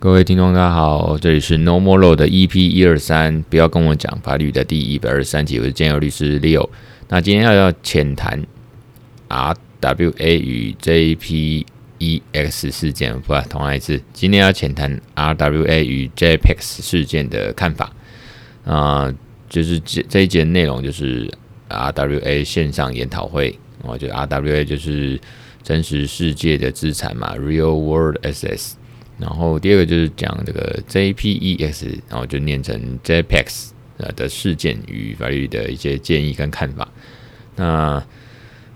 各位聽眾，大家好，這裡是 No More Law 的 EP 一二三，不要跟我講法律的第一百二十三集，我是建友律師 Leo。那今天要要淺談 RWA 與 JPEX 事件，不啊，同樣一次。今天要淺談 RWA 與 JPEX 事件的看法啊、呃，就是這這一節內容就是 RWA 線上研討會，我就 RWA 就是真實世界的資產嘛，Real World Assets 然後第二個就是講這個 J P E X，然後就念成 J P E X 的事件與法律的一些建議跟看法。那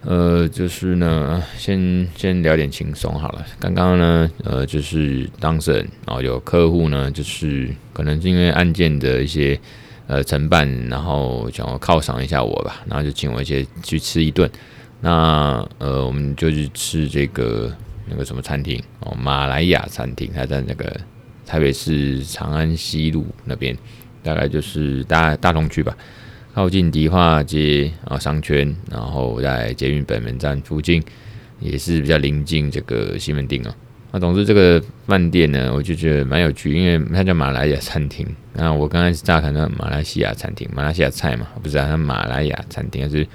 呃，就是呢，先先聊點輕鬆好了。剛剛呢，呃，就是當事人，然後有客戶呢，就是可能是因為案件的一些呃承辦，然後想要犒賞一下我吧，然後就請我一些去吃一頓。那呃，我們就去吃這個。那個什麼餐廳哦，馬來亞餐廳，它在那個台北市長安西路那邊，大概就是大大同區吧，靠近迪化街啊，哦、商圈，然後在捷運北門站附近，也是比較臨近這個西門町啊、哦。那總之這個飯店呢，我就覺得蠻有趣，因為它叫馬來亞餐廳。那我剛開始乍看那馬來西亞餐廳，馬來西亞菜嘛，不是道、啊、它是馬來亞餐廳還是。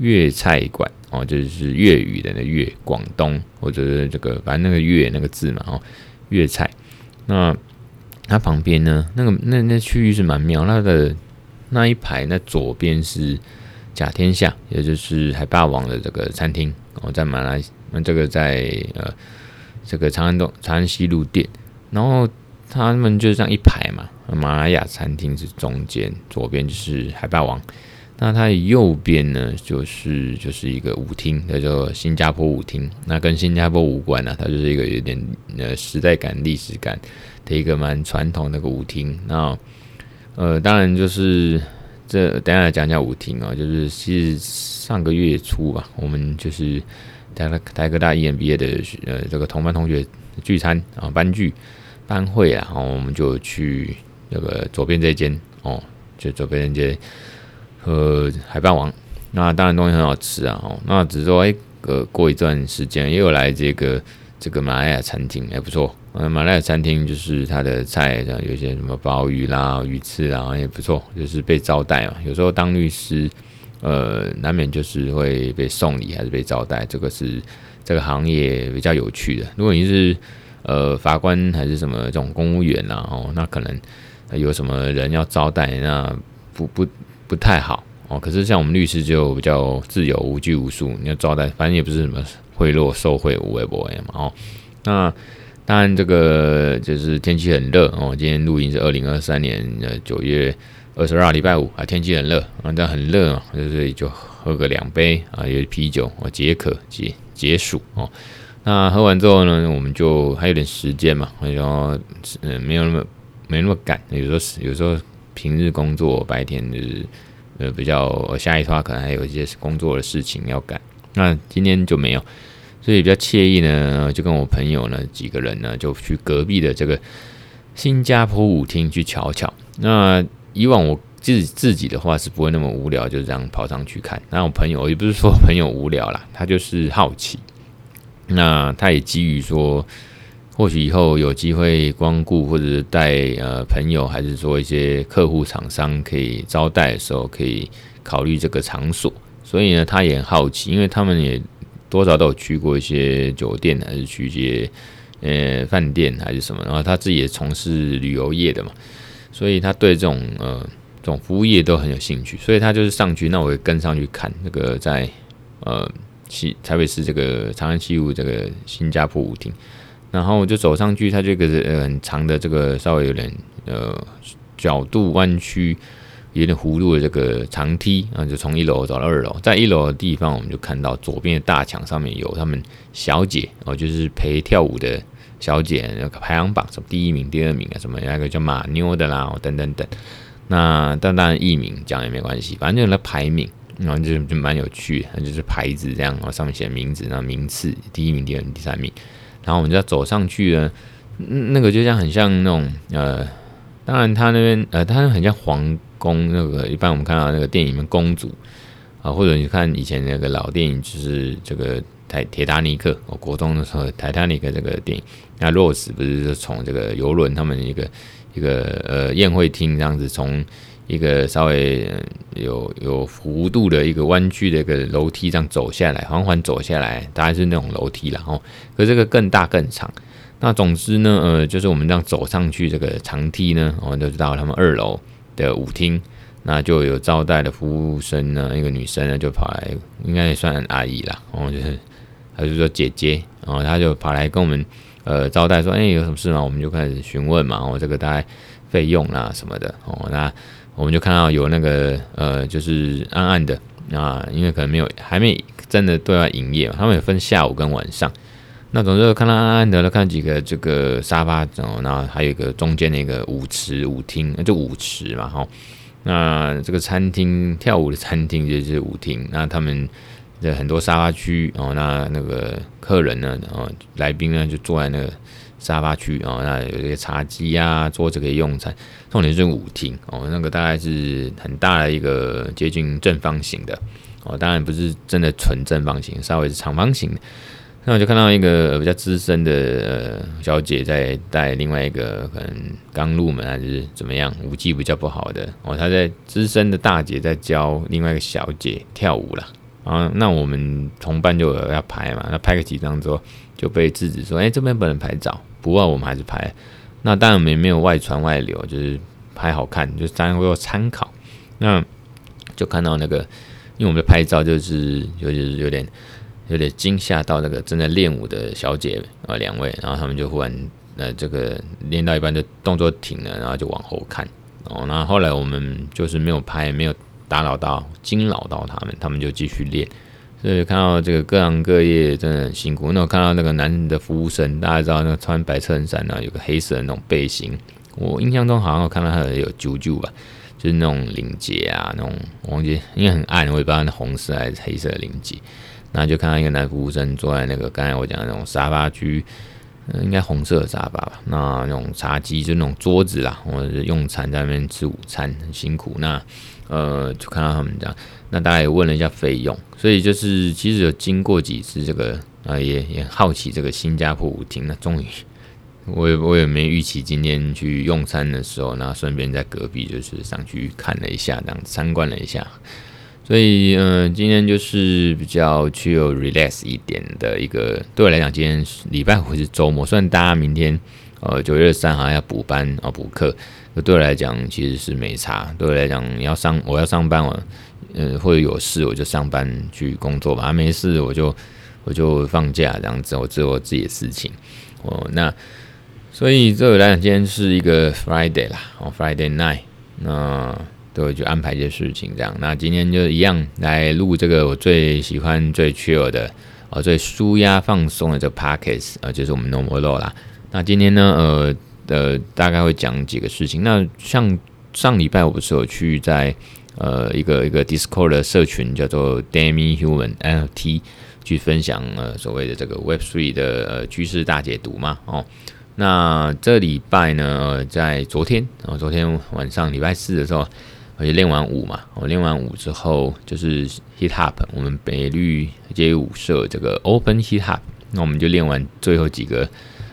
粵菜館哦，就是粵語的那個粵，廣東，或者是這個，反正那個粵那個字嘛，哦，粵菜。那它旁邊呢，那個那那區域是蠻妙，它的那一排那左邊是甲天下，也就是海霸王的這個餐廳哦，在馬來西，那這個在呃這個長安東長安西路店。然後他們就這樣一排嘛，馬來亞餐廳是中間，左邊就是海霸王。那它右邊呢，就是就是一個舞廳，叫做新加坡舞廳。那跟新加坡無關呢，它就是一個有點呃時代感、歷史感的一個蠻傳統的那個舞廳。那呃，當然就是這等一下講講舞廳啊，就是其實上個月初吧，我們就是台台科大 EMBA 畢業的呃這個同班同學聚餐啊，班聚班會啊，然後我們就去那個左邊這間哦，就左邊這間。呃，海霸王，那當然東西很好吃啊。哦，那只是說，誒、欸，呃，過一段時間又來這個這個馬來亞餐廳，也、欸、不錯。嗯，馬來亞餐廳就是它的菜，像有些什麼鮑魚啦、魚翅啦，也、欸、不錯。就是被招待嘛，有時候當律師，呃，難免就是會被送禮還是被招待，這個是這個行業比較有趣的。如果你是呃法官還是什麼這種公務員吶，哦、喔，那可能有什麼人要招待，那不不。不太好哦，可是像我們律師就比較自由，無拘無束，你要招待，反正也不是什麼賄賂受賄無謂不為嘛哦。那當然這個就是天氣很熱哦，今天錄音是二零二三年的九月二十二禮拜五啊，天氣很熱啊，這樣很熱嘛，啊、就所以就喝個兩杯啊，有啤酒、啊、解渴、解解暑哦。那喝完之後呢，我們就還有點時間嘛，然後嗯沒有那麼沒那麼趕，有時候有時候。平日工作白天就是呃比較下一次的話可能還有一些工作的事情要幹，那今天就沒有，所以比較愜意呢，就跟我朋友呢幾個人呢就去隔壁的這個新加坡舞廳去瞧瞧。那以往我自自己的話是不會那麼無聊，就這樣跑上去看。那我朋友我也不是說朋友無聊啦，他就是好奇，那他也基於說。或許以後有機會光顧，或者是帶呃朋友，還是說一些客戶、廠商可以招待的時候，可以考慮這個場所。所以呢，他也很好奇，因為他們也多少都有去過一些酒店，還是去一些呃飯店，還是什麼。然後他自己也從事旅遊業的嘛，所以他對這種呃這種服務業都很有興趣。所以他就是上去，那我也跟上去看那個在呃西台北市這個長安西路這個新加坡舞廳。然後我就走上去，它這個呃很長的這個稍微有點呃角度彎曲、有點弧度的這個長梯，然後就從一樓走到二樓。在一樓的地方，我們就看到左邊的大牆上面有他們小姐哦，就是陪跳舞的小姐，排行榜什麼第一名、第二名啊什麼，那個叫馬妞的啦、哦，等等等。那當然藝名講也沒關係，反正就是排名，然後就就蠻有趣的，那就是牌子這樣，然後上面寫的名字，然後名次，第一名、第二名、第三名。然後我們就要走上去了，那個就像很像那種呃，當然他那邊呃，他很像皇宮那個，一般我們看到那個電影裡面公主啊、呃，或者你看以前那個老電影，就是這個泰、鐵達尼克，我，哦，國中的時候《泰坦尼克》這個電影，那 Rose 不是就從這個遊輪他們一個一個呃宴會廳這樣子從。一個稍微有有弧度的一個彎曲的一個樓梯，這樣走下來，緩緩走下來，大概是那種樓梯啦。哦、喔，可是這個更大更長。那總之呢，呃，就是我們這樣走上去這個長梯呢，喔，我們就知道他們二樓的舞廳，那就有招待的服務生呢，一個女生呢就跑來，應該也算阿姨啦。哦、喔，就是她就說姐姐，哦、喔，她就跑來跟我們呃招待說，哎、欸，有什麼事嗎？我們就開始詢問嘛，喔，我這個大概費用啦什麼的，哦、喔，那。我們就看到有那個呃，就是暗暗的啊，因為可能沒有，還沒真的對外營業，他們有分下午跟晚上。那總之就看到暗暗的了，看到幾個這個沙發，然後還有一個中間那個舞池舞廳，那就舞池嘛，哈。那這個餐廳跳舞的餐廳就是舞廳。那他們的很多沙發區，哦，那那個客人呢，哦，來賓呢，就坐在那個。沙發區啊，那有一些茶几啊，桌子可以用餐。重點是舞廳哦，那個大概是很大的一個接近正方形的哦，當然不是真的純正方形，稍微是長方形的。那我就看到一個比較資深的小姐在帶另外一個可能剛入門還、啊就是怎麼樣舞技比較不好的哦，她在資深的大姐在教另外一個小姐跳舞了。啊，那我們同伴就有要拍嘛，那拍個幾張之後就被制止說，哎，這邊不能拍照。不過我們還是拍，那當然我們也沒有外傳外流，就是拍好看，就是當然會有參考。那就看到那個，因為我們的拍照就是，就是有點有點驚嚇到那個正在練舞的小姐啊兩位，然後他們就忽然呃這個練到一半就動作停了，然後就往後看。哦，那後，後來我們就是沒有拍，沒有打擾到驚擾到他們，他們就繼續練。所以看到這個各行各業真的很辛苦。那我看到那個男的服務生，大家知道那個穿白襯衫啊，有個黑色的那種背心。我印象中好像我看到他有啾啾吧，就是那種領結啊，那種我忘記，應該很暗，我也不知道那紅色還是黑色領結。那就看到一個男的服務生坐在那個剛才我講的那種沙發區，嗯，應該紅色的沙發吧？那那種茶几就是那種桌子啦，我是用餐在那邊吃午餐，很辛苦那。呃，就看到他們這樣，那大家也問了一下費用，所以就是其實有經過幾次這個啊、呃，也也好奇這個新加坡舞廳。那終於，我也我也沒預期今天去用餐的時候，那順便在隔壁就是上去看了一下這樣，樣參觀了一下。所以，嗯、呃，今天就是比較去有 relax 一點的一個，對我來講，今天禮拜五是週末。雖然大家明天呃九月三號要補班啊補課。哦對我來講，其實是沒差。對我來講，你要上，我要上班，我嗯、呃、或者有事，我就上班去工作吧。啊、沒事，我就我就放假這樣子。我做我自己的事情。哦，那所以對我來講，今天是一個 Friday 啦，哦，Friday 哦 night 那。那對我就安排一些事情這樣。那今天就一樣來錄這個我最喜歡、最 cheer 的，哦，最舒壓放鬆的這個 packets 啊、呃，就是我們 normal 啦。那今天呢，呃。呃，大概會講幾個事情。那像上禮拜我不是有去在呃一個一個 Discord 的社群叫做 Demi Human LT 去分享呃所謂的這個 Web3 的趨勢、呃、大解讀嘛？哦，那這禮拜呢，在昨天，然、哦、昨天晚上禮拜四的時候，我就練完舞嘛。我、哦、練完舞之後就是 Hit Up，我們北綠街舞社這個 Open Hit Up，那我們就練完最後幾個。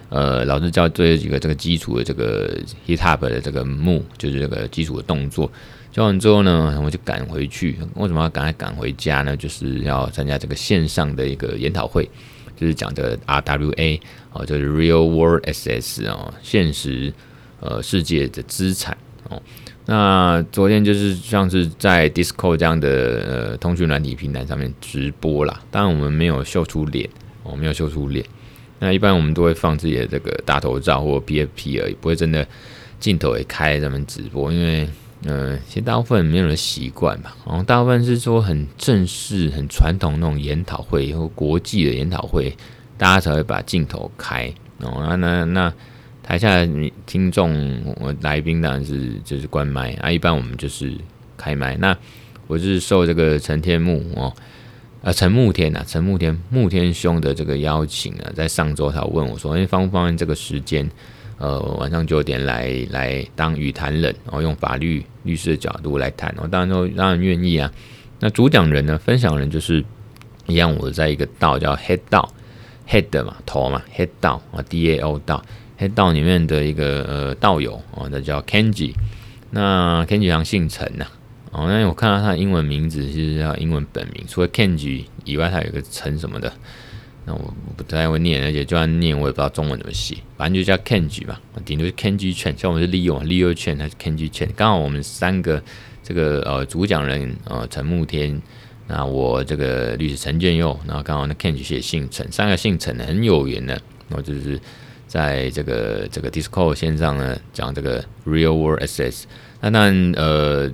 呃，老師教這幾個這個基礎的這個 hit up 的這個 move，就是這個基礎的動作。教完之後呢，我們就趕回去。為什麼要趕快趕回家呢？就是要參加這個線上的一個研討會，就是講這個 RWA，哦、呃，就是 Real World Assets 哦，現實呃世界的資產。哦、呃，那昨天就是像是在 Discord 這樣的呃通訊軟體平台上面直播啦。當然我們沒有秀出臉，我、呃、沒有秀出臉。那一般我們都會放自己的這個大頭照或 PFP 而已，不會真的鏡頭也開咱們直播，因為，呃，其實大部分沒有人習慣吧，然後，哦，大部分是說很正式、很傳統那種研討會或國際的研討會，大家才會把鏡頭開哦。那那那台下的你聽眾、來賓當然是就是關麥啊，一般我們就是開麥。那我就是受這個陳天木哦。呃，陳慕天吶、啊，陳慕天，慕天兄的這個邀請啊，在上周他問我說：“哎，方不方便這個時間？呃，晚上九點來來當與談人，然、哦、後用法律律師的角度來談。然、哦、後當然都當然願意啊。那主講人呢，分享人就是一樣，我在一個道叫 head 道 head 嘛頭嘛 head 道啊 d a o 道 head 道裡面的一個呃道友啊，那、哦、叫 Kenji，那 Kenji 好像姓陳吶、啊。”哦，那我看到他的英文名字，是叫英文本名，除了 Kenji 以外，他有一個陳什麼的，那我不太會念，而且就算念，我也不知道中文怎麼寫，反正就叫 Kenji 吧。頂多是 Kenji Chen。像我們是 Leo，Leo Leo Chen 還是 Kenji Chen？剛好我們三個這個呃主講人呃陳慕天，那我這個律師陳建佑，然後剛好那 Kenji 是姓陳，三個姓陳很有緣的，我就是在這個這個 Discord 線上呢講這個 Real World SS，那當然呃。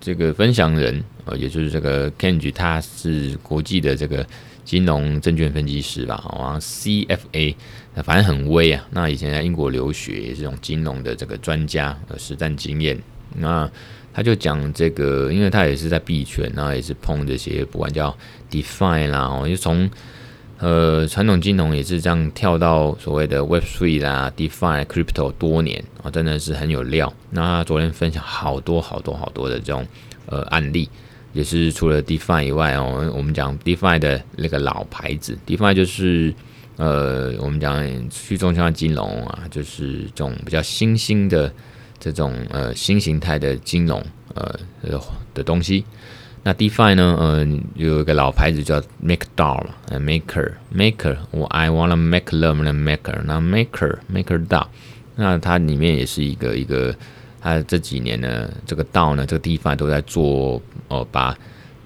這個分享人呃，也就是這個 Kenji，他是國際的這個金融證券分析師吧，好像 CFA，反正很威啊。那以前在英國留學，也是種金融的這個專家，呃實戰經驗。那他就講這個，因為他也是在幣圈，然後也是碰這些，不管叫 DeFi 啦，我就從。呃，傳統金融也是這樣跳到所謂的 Web Three 啦，啊，Defi Crypto 多年啊，哦，真的是很有料。那他昨天分享好多好多好多的這種呃案例，也是除了 Defi 以外哦，我們講 Defi 的那個老牌子，Defi 就是呃，我們講去中心化金融啊，就是這種比較新興的這種呃新形態的金融呃呃的東西。那 DeFi 呢？呃，有一個老牌子叫 MakerDAO 嘛，Maker，Maker，我、oh, I wanna make 那麼的 Maker，那 Maker，MakerDAO，maker, 那它裡面也是一個一個，它這幾年呢，這個 DAO 呢，這個 DeFi 都在做哦、呃，把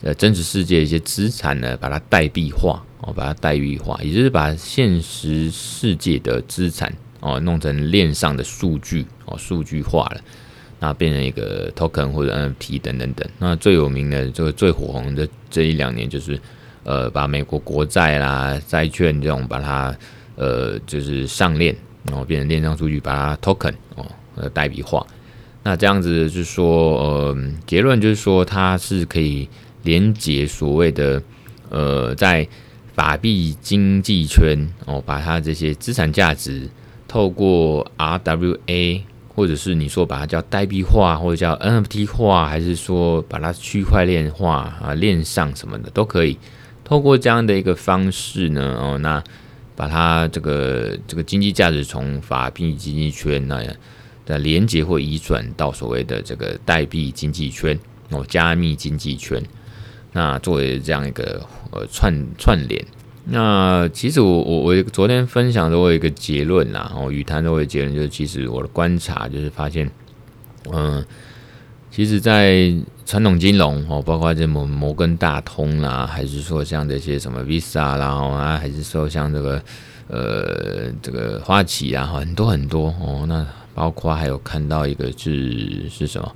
呃真實世界的一些資產呢，把它代幣化，哦，把它代幣化，也就是把現實世界的資產哦，弄成鏈上的數據，哦，數據化了。那變成一個 token 或者 NFT 等等等。那最有名的就是最火紅的這一兩年，就是呃把美國國債啦、債券這種把它呃就是上鏈，然後變成鏈上數據，把它 token 哦代幣化。那這樣子就是說，呃結論就是說它是可以連接所謂的呃在法幣經濟圈哦、呃，把它這些資產價值透過 RWA。或者是你說把它叫代幣化，或者叫 NFT 化，還是說把它區塊鏈化啊，鏈上什麼的都可以。透過這樣的一個方式呢，哦，那把它這個這個經濟價值從法幣經濟圈那樣的連接或移轉到所謂的這個代幣經濟圈哦，加密經濟圈，那作為這樣一個呃串串聯。那其實我我我昨天分享的我有一個結論啦，哦，與談的我結論就是，其實我的觀察就是發現，嗯，其實，在傳統金融哦，包括這摩摩根大通啦，還是說像這些什麼 Visa 啦，然後啊，還是說像這個呃這個花旗啊，很多很多哦，那包括還有看到一個、就是是什麼？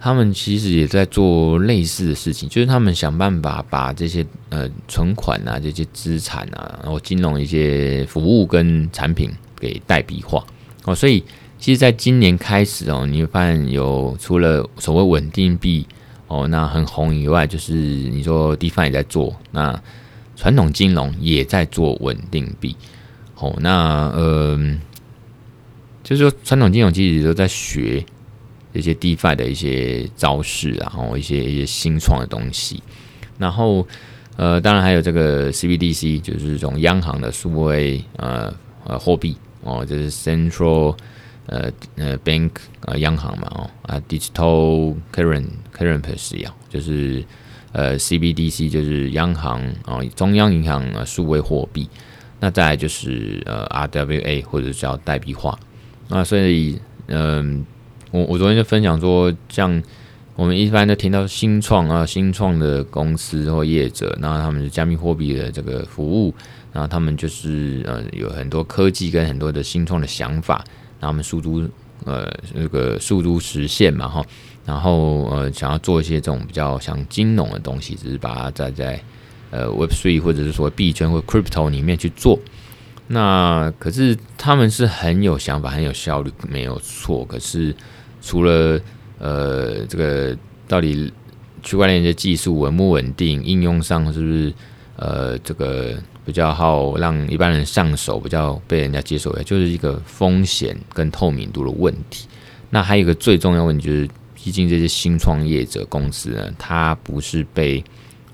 他們其實也在做類似的事情，就是他們想辦法把這些呃存款啊、這些資產啊，然後金融一些服務跟產品給代幣化哦。所以，其實，在今年開始哦，你會發現有除了所謂穩定幣哦那很紅以外，就是你說 DeFi 也在做，那傳統金融也在做穩定幣哦。那呃，就是說傳統金融其實都在學。一些 DeFi 的一些招式，啊，然後一些一些新創的東西，然後呃，當然還有這個 CBDC，就是這種央行的數位呃呃貨幣哦，就是 Central 呃呃 Bank 呃央行嘛哦 Digital Current, Current Press, 啊 Digital Currency Currency System 就是呃 CBDC 就是央行啊，哦、中央銀行啊數、呃、位貨幣，那再來就是呃 RWA 或者是叫代幣化，那所以嗯。呃我我昨天就分享說，像我們一般都聽到新創啊，新創的公司或業者，那他們是加密貨幣的這個服務，那他們就是呃有很多科技跟很多的新創的想法，那他們速度呃那個速度實現嘛，哈，然後呃想要做一些這種比較像金融的東西，只是把它在在呃 Web Three 或者是說幣圈或 Crypto 裡面去做，那可是他們是很有想法、很有效率，沒有錯，可是。除了呃，這個到底區塊鏈的技術穩不穩定？應用上是不是呃，這個比較好讓一般人上手，比較被人家接受？也就是一個風險跟透明度的問題。那還有一個最重要問題就是，畢竟這些新創業者公司呢，它不是被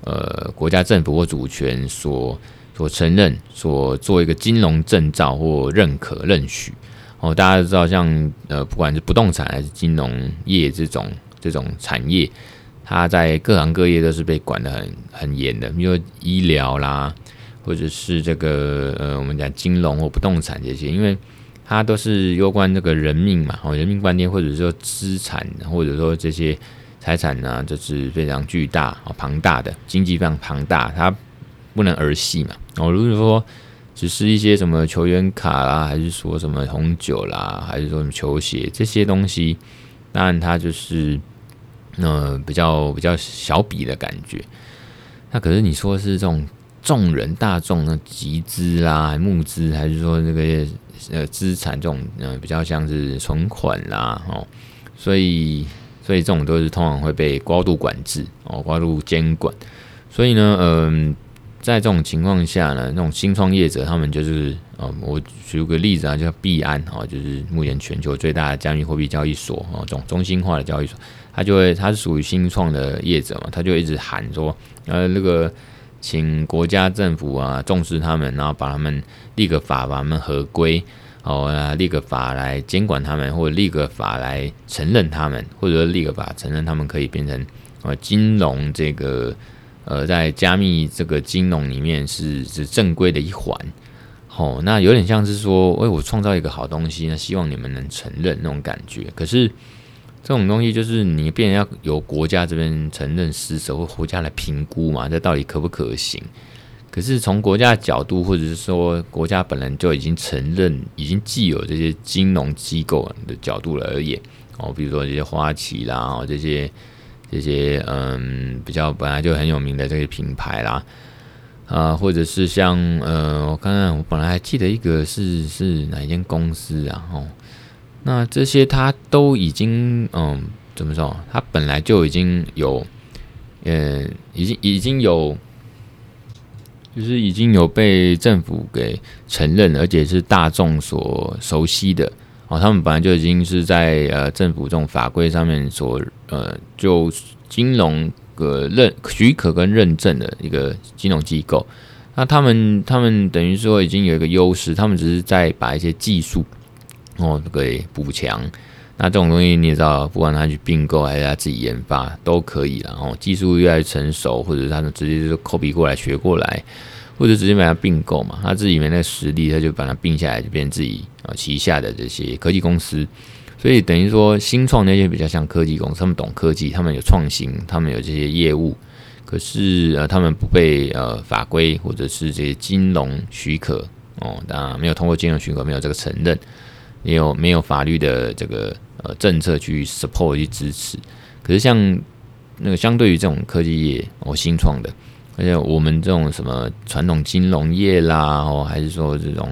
呃國家政府或主權所所承認、所做一個金融證照或認可、認許。哦，大家知道像，像呃，不管是不動產還是金融業這種這種產業，它在各行各業都是被管得很很嚴的。比如說醫療啦，或者是這個呃，我們講金融或不動產這些，因為它都是攸關這個人命嘛，哦，人命關天，或者說資產，或者說這些財產呢，就是非常巨大哦，龐大的經濟非常龐大，它不能兒戲嘛。哦，如果說。只是一些什麼球員卡啦，還是說什麼紅酒啦，還是說什麼球鞋這些東西，當然它就是呃比較比較小筆的感覺。那可是你說是這種眾人大眾的集資啦、還募資，還是說這個呃資產這種呃比較像是存款啦哦，所以所以這種都是通常會被高度管制哦、高度監管。所以呢，嗯、呃。在這種情況下呢，那種新創業者，他們就是啊、呃，我舉個例子啊，就叫幣安啊，就是目前全球最大的加密貨幣交易所，哦、這種中心化的交易所，他就會，他是屬於新創的業者嘛，他就會一直喊說，呃，那、這個請國家政府啊重視他們，然後把他們立個法，把他們合規，哦，立個法來監管他們，或者立個法來承認他們，或者立個法承認他們可以變成啊、呃、金融這個。呃，在加密這個金融裡面是是正規的一環，哦，那有點像是說，哎，我創造一個好東西，那希望你們能承認那種感覺。可是這種東西就是你必然要由國家這邊承認、施捨或國家來評估嘛，這到底可不可行？可是從國家的角度，或者是說國家本來就已經承認，已經既有這些金融機構的角度了而言，哦，比如說這些花旗啦，哦，這些。這些嗯，比較本來就很有名的這個品牌啦，啊，或者是像呃我看看，我本來還記得一個是是哪一間公司啊？哦，那這些它都已經嗯，怎麼說？它本來就已經有嗯，已經已經有，就是已經有被政府給承認，而且是大眾所熟悉的。哦，他們本來就已經是在呃政府這種法規上面所呃就金融個認許可跟認證的一個金融機構，那他們他們等於說已經有一個優勢，他們只是在把一些技術哦給補強，那這種東西你也知道，不管他去併購還是他自己研發都可以然後、哦、技術越來越成熟，或者是他們直接就 copy 過來學過來。或者直接把它併購嘛，他自己沒那個實力，他就把它併下來，就變成自己啊、呃、旗下的這些科技公司。所以等於說，新創那些比較像科技公司，他們懂科技，他們有創新，他們有這些業務。可是呃，他們不被呃法規或者是這些金融許可哦，當然沒有通過金融許可，沒有這個承認，也有沒有法律的這個呃政策去 support 去支持。可是像那個相對於這種科技業哦新創的。而且我們這種什麼傳統金融業啦，哦，還是說這種，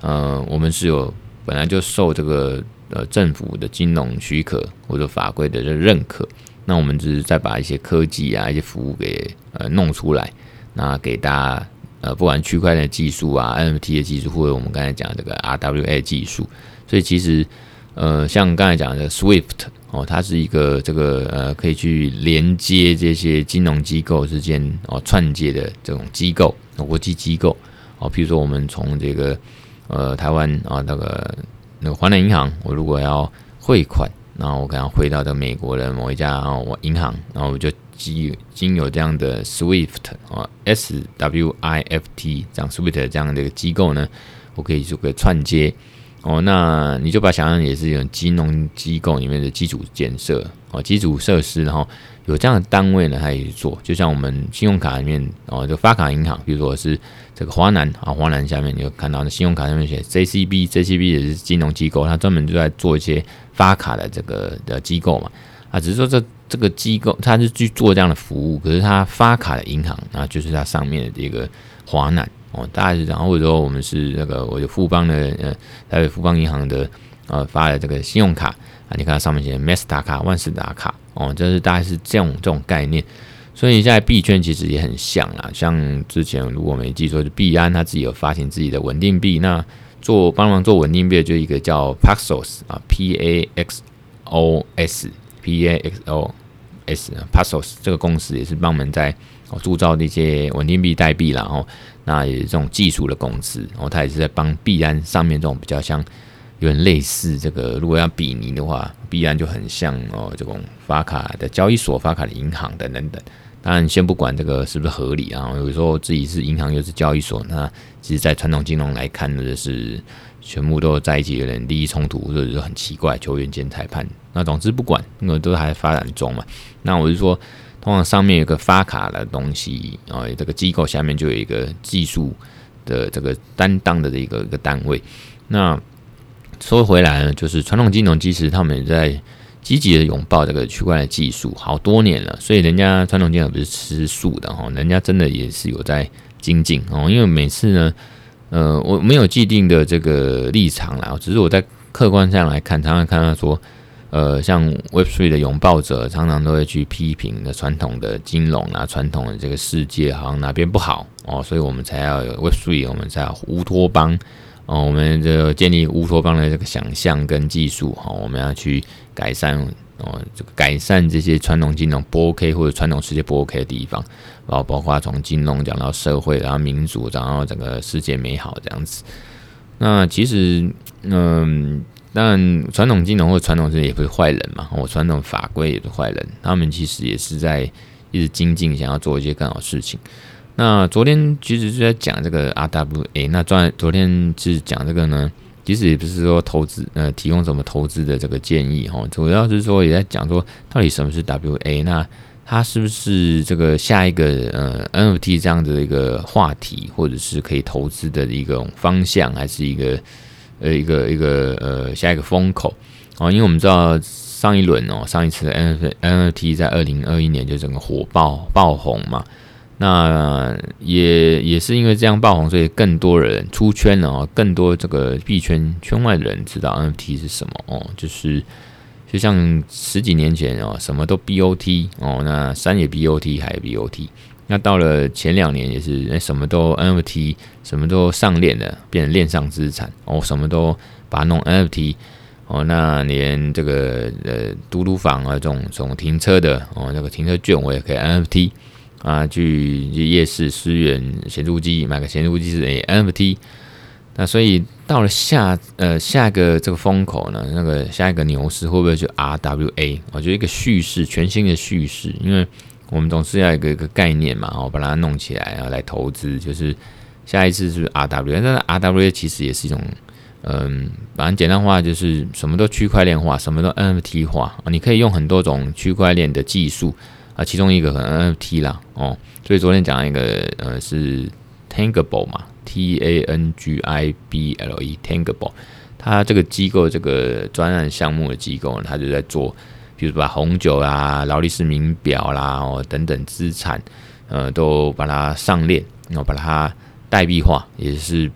呃，我們是有本來就受這個呃政府的金融許可或者法規的這認可，那我們只是再把一些科技啊、一些服務給呃弄出來，那給大家呃，不管區塊鏈技術啊、NFT 的技術，或者我們剛才講的這個 RWA 技術，所以其實呃，像剛才講的 SWIFT。哦，它是一個這個呃，可以去連接這些金融機構之間哦串接的這種機構，國際機構哦，比如說我們從這個呃台灣啊、哦、那個那個華南銀行，我如果要匯款，然後我給他匯到的美國的某一家哦我銀行，然後我就經有經有這樣的 SWIFT 啊、哦、S W I F T 這樣 SWIFT 這樣的一個機構呢，我可以這個串接。哦，那你就把想象也是一種金融機構裡面的基礎建設哦，基礎設施，然後有這樣的單位呢，他也去做。就像我們信用卡裡面哦，就發卡銀行，比如說是這個華南啊，哦，華南下面你就看到那信用卡上面寫 JCB，JCB 也是金融機構，它專門就在做一些發卡的這個的機構嘛。啊，只是說這這個機構它是去做這樣的服務，可是它發卡的銀行啊，就是它上面的這個華南。哦，大概是，然後或者說我們是那個，我就富邦的，呃，台北富邦銀行的，呃，發的這個信用卡，啊，你看上面寫萬 S，打卡，萬事達卡，哦，這、就是大概是這種這種概念，所以現在幣圈其實也很像啊，像之前如果沒記錯，就幣安他自己有發行自己的穩定幣，那做幫忙做穩定幣的就一個叫 Paxos 啊，P A X O S，P A X O S，Paxos 這個公司也是幫忙在、哦、鑄造那些穩定幣代幣然後。哦那也是這種技術的公司，然後它也是在幫幣安上面這種比較像有點類似這個，如果要比擬的話，幣安就很像哦這種發卡的交易所、發卡的銀行等等等。當然先不管這個是不是合理，啊，有時候自己是銀行又是交易所，那其實，在傳統金融來看，或就是全部都在一起的人，利益衝突，或、就、者是很奇怪球員兼裁判。那總之不管，那、這個、都還發展中嘛。那我是說。通常上面有一個發卡的東西，啊、哦，這個機構下面就有一個技術的這個擔當的這個一個單位。那說回來呢，就是傳統金融其實他們也在積極的擁抱這個區塊的技術，好多年了。所以人家傳統金融不是吃素的哈，人家真的也是有在精進哦。因為每次呢，呃，我沒有既定的這個立場啦，只是我在客觀上來看，常常看到說。呃，像 Web3 的擁抱者，常常都會去批評那傳統的金融啊，傳統的這個世界好像哪邊不好哦，所以我們才要有 Web3，我們才要烏托邦哦，我們這個建立烏托邦的這個想象跟技術哈、哦，我們要去改善哦，這個改善這些傳統金融不 OK 或者傳統世界不 OK 的地方，然後包括從金融講到社會，然後民主，然後整個世界美好這樣子。那其實，嗯。但傳統金融或傳統也不是也會壞人嘛，我、哦、傳統法規也是壞人，他們其實也是在一直精進，想要做一些更好事情。那昨天其實就在講這個 RWA，那昨天是講這個呢，其實也不是說投資，呃，提供什麼投資的這個建議哦，主要是說也在講說到底什麼是 WA，那它是不是這個下一個呃 NFT 這樣子的一個話題，或者是可以投資的一個方向，還是一個？呃，一個一個呃，下一個風口哦，因為我們知道上一輪哦，上一次 NFT 在二零二一年就整個火爆爆紅嘛，那也也是因為這樣爆紅，所以更多人出圈了哦，更多這個幣圈圈外的人知道 NFT 是什麼哦，就是就像十幾年前哦，什麼都 BOT 哦，那山也 BOT，海也 BOT。那到了前兩年也是誒，什麼都 NFT，什麼都上鏈的，變成鏈上資產哦，什麼都把它弄 NFT 哦，那連這個呃，嘟嘟房啊，這種這種停車的哦，那、這個停車券我也可以 NFT 啊，去，去夜市支援協助機，買個協助機是誒 NFT，那所以到了下呃下一個這個風口呢，那個下一個牛市會不會就 RWA？我覺得一個敘事，全新的敘事，因為，我們總是要一個一個概念嘛，然後把它弄起來，然後來投資。就是下一次是 RWA 那 RWA 其實也是一種，嗯，反正簡單化就是什麼都區塊鏈化，什麼都 NFT 化，哦，你可以用很多種區塊鏈的技術啊，其中一個可能 NFT 啦哦。所以昨天講一個呃是 Tangible 嘛，T-A-N-G-I-B-L-E，Tangible，它這個機構這個專案項目的機構呢，它就在做。比如把紅酒啦、勞力士名錶啦、哦等等資產，呃，都把它上鏈，然後把它代幣化，也是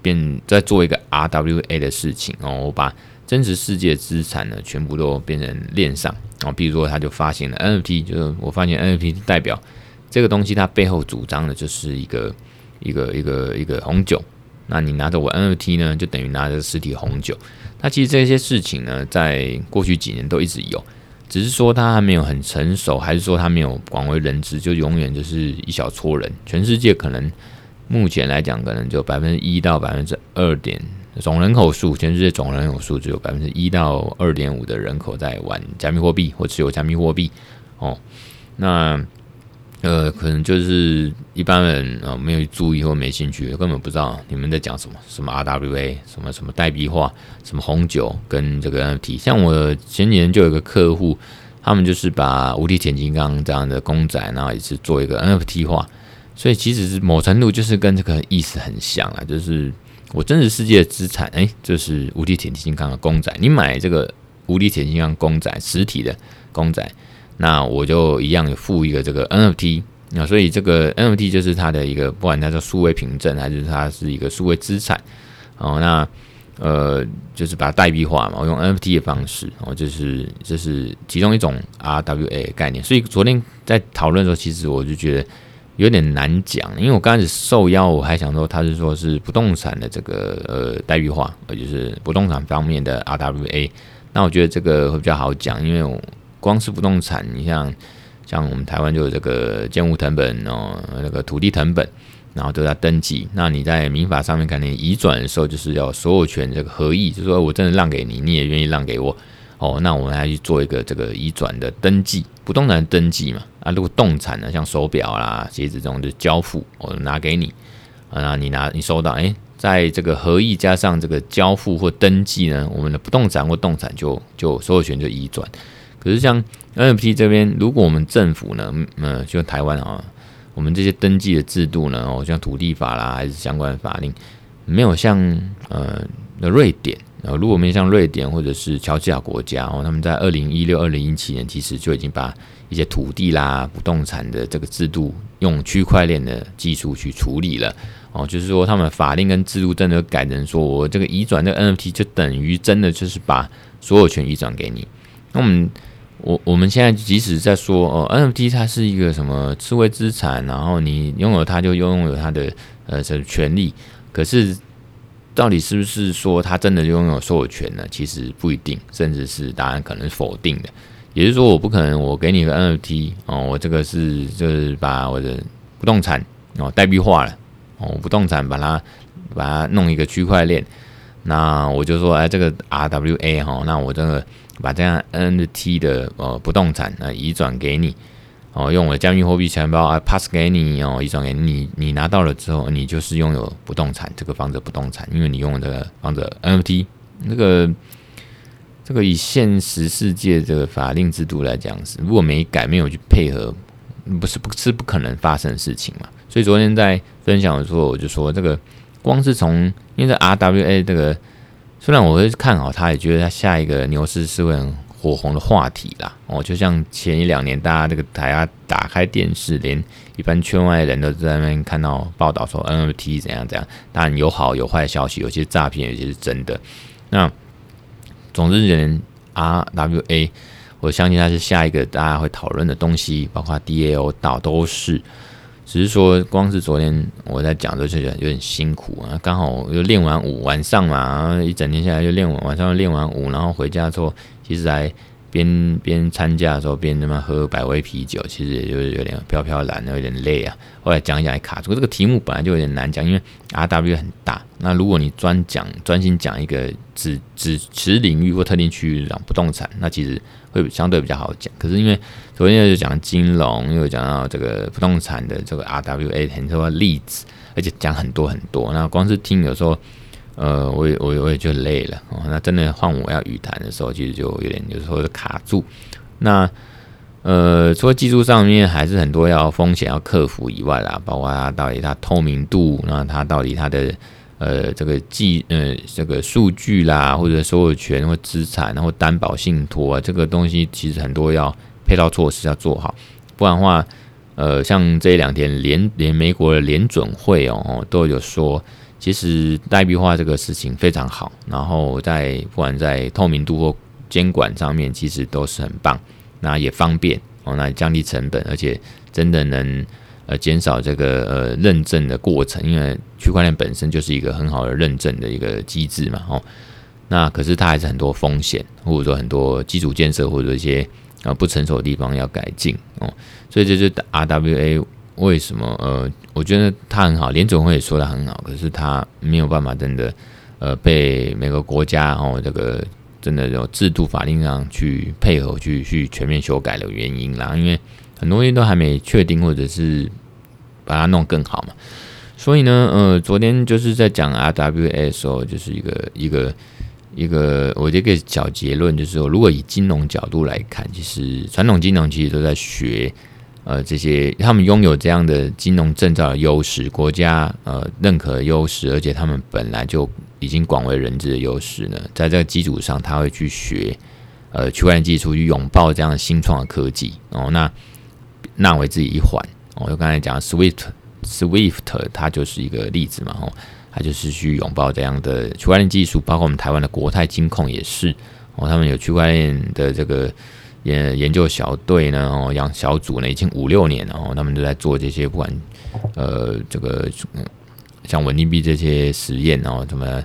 變在做一個 RWA 的事情。哦，我把真實世界資產呢，全部都變成鏈上。哦，比如說，他就發行了 NFT，就是我發現 NFT 代表這個東西，它背後主張的就是一個一個一個一個紅酒。那你拿着我 NFT 呢，就等於拿着實體紅酒。那其實這些事情呢，在過去幾年都一直有。只是說它還沒有很成熟，還是說它沒有廣為人知，就永遠就是一小撮人。全世界可能目前來講，可能就百分之一到百分之二點，總人口數，全世界總人口數只有百分之一到二點五的人口在玩加密貨幣或持有加密貨幣。哦，那。呃，可能就是一般人啊，哦，沒有注意或沒興趣，根本不知道你們在講什麼，什麼 RWA，什麼什麼代幣化，什麼紅酒跟這個 NFT。像我前幾年就有一個客戶，他們就是把無敵鐵金剛這樣的公仔，然後也是做一個 NFT 化，所以其實是某程度，就是跟這個意思很像啊，就是我真實世界的資產，哎，就是無敵鐵金剛的公仔，你買這個無敵鐵金剛公仔實體的公仔。那我就一樣有付一個這個 NFT，那、啊、所以這個 NFT 就是它的一個，不管它叫數位憑證還是它是一個數位資產哦、啊，那呃就是把它代幣化嘛，我用 NFT 的方式，哦、啊、就是就是其中一種 RWA 概念。所以昨天在討論的時候，其實我就覺得有點難講，因為我剛開始受邀，我還想說他是說是不動產的這個呃代幣化，呃就是不動產方面的 RWA，那我覺得這個會比較好講，因為我。光是不動產，你像像我們台灣就有這個建物謄本哦，那、這個土地謄本，然後都要登記。那你在民法上面肯定移轉的時候，就是要所有權這個合意，就是說我真的讓給你，你也願意讓給我，哦，那我們還去做一個這個移轉的登記，不動產登記嘛。啊，如果動產呢，像手表啦、鞋子這種，就是交付，我拿給你，啊，你拿你收到，誒、欸，在這個合意加上這個交付或登記呢，我們的不動產或動產就就所有權就移轉。可是像 NFT 這邊，如果我們政府呢，呃，就台灣啊、哦，我們這些登記的制度呢，哦，像土地法啦，還是相關的法令，沒有像呃，瑞典，呃、哦，如果沒有像瑞典或者是喬治亞國家，哦，他們在二零一六、二零一七年其實就已經把一些土地啦、不動產的這個制度，用區塊鏈的技術去處理了，哦，就是說他們法令跟制度真的改成說，我這個移轉的、這個、NFT 就等於真的就是把所有權移轉給你，那我們。我我們現在即使在說哦，NFT 它是一個什麼智慧資產，然後你擁有它就擁有它的呃權利。可是，到底是不是說它真的擁有所有權呢？其實不一定，甚至是答案可能是否定的。也就是說，我不可能我給你個 NFT 哦，我這個是就是把我的不動產哦代幣化了哦，我不動產把它把它弄一個區塊鏈，那我就說哎，這個 RWA 哈、哦，那我這個。把這樣 NFT 的呃不動產啊移轉給你哦，用我的加密貨幣錢包啊 pass 給你哦，移轉給你，你，你拿到了之後，你就是擁有不動產這個房子不動產，因為你用的這個房子 NFT，那個這個以現實世界這個法令制度來講是，如果沒改，沒有去配合，不是不是不可能發生的事情嘛。所以昨天在分享的時候，我就說，這個光是從因為這 RWA 這個。雖然我會看好他，也覺得他下一個牛市是會很火紅的話題啦。哦，就像前一兩年大家這個台打開電視，連一般圈外的人都在那邊看到報道說 NFT 怎樣怎樣。當然有好有壞消息，有些詐騙，也是真的。那總之，人 RWA，我相信他是下一個大家會討論的東西，包括 DAO 到都是。只是說，光是昨天我在講的時候就覺得有點辛苦啊。剛好又練完舞，晚上嘛，一整天下來就練完，晚上練完舞，然後回家之後，其實還邊邊參加的時候邊他媽喝百威啤酒，其實也就是有點飄飄然，有點累啊。後來講一講還卡住，這個題目本來就有點難講，因為 R W 很大。那如果你專講、專心講一個只只只領域或特定區域的不動產，那其實會相對比較好講。可是因為昨天就講金融，又講到這個不動產的這個 RWA 很多例子，而且講很多很多。那光是聽有時候，呃，我也我也我也就累了哦。那真的換我要與談的時候，其實就有點就是說卡住。那呃，除了技術上面還是很多要風險要克服以外啦，包括它到底它透明度，那它到底它的呃這個技呃這個數據啦，或者所有權或資產，然後擔保信託啊，這個東西其實很多要。配套措施要做好，不然的話，呃，像這兩天連連美國的聯準會哦，都有說，其實代幣化這個事情非常好，然後在不管在透明度或監管上面，其實都是很棒，那也方便哦，那降低成本，而且真的能呃減少這個呃認證的過程，因為區塊鏈本身就是一個很好的認證的一個機制嘛，哦，那可是它還是很多風險，或者說很多基礎建設或者說一些。啊、呃，不成熟的地方要改進哦，所以這就是 RWA 為什麼呃，我覺得它很好，連總會也說的很好，可是它沒有辦法真的呃被每個國家哦這個真的有制度法令上去配合去去全面修改的原因啦，因為很多東西都還沒確定或者是把它弄更好嘛，所以呢呃昨天就是在講 RWA 的時候就是一個一個。一個我這個小結論就是說，如果以金融角度來看，其實傳統金融其實都在學，呃，這些他們擁有這樣的金融證照的優勢，國家呃認可的優勢，而且他們本來就已經廣為人知的優勢呢，在這個基礎上，他會去學呃區塊鏈技術，去擁抱這樣的新創的科技哦。那納為自己一環，哦、我就剛才講的，Swift Swift 它就是一個例子嘛，哦。他就是去擁抱這樣的區塊鏈技術，包括我們台灣的國泰金控也是哦，他們有區塊鏈的這個研研究小隊呢哦，樣小組呢已經五六年了，哦，他們都在做這些，不管呃這個像穩定幣這些實驗哦，什麼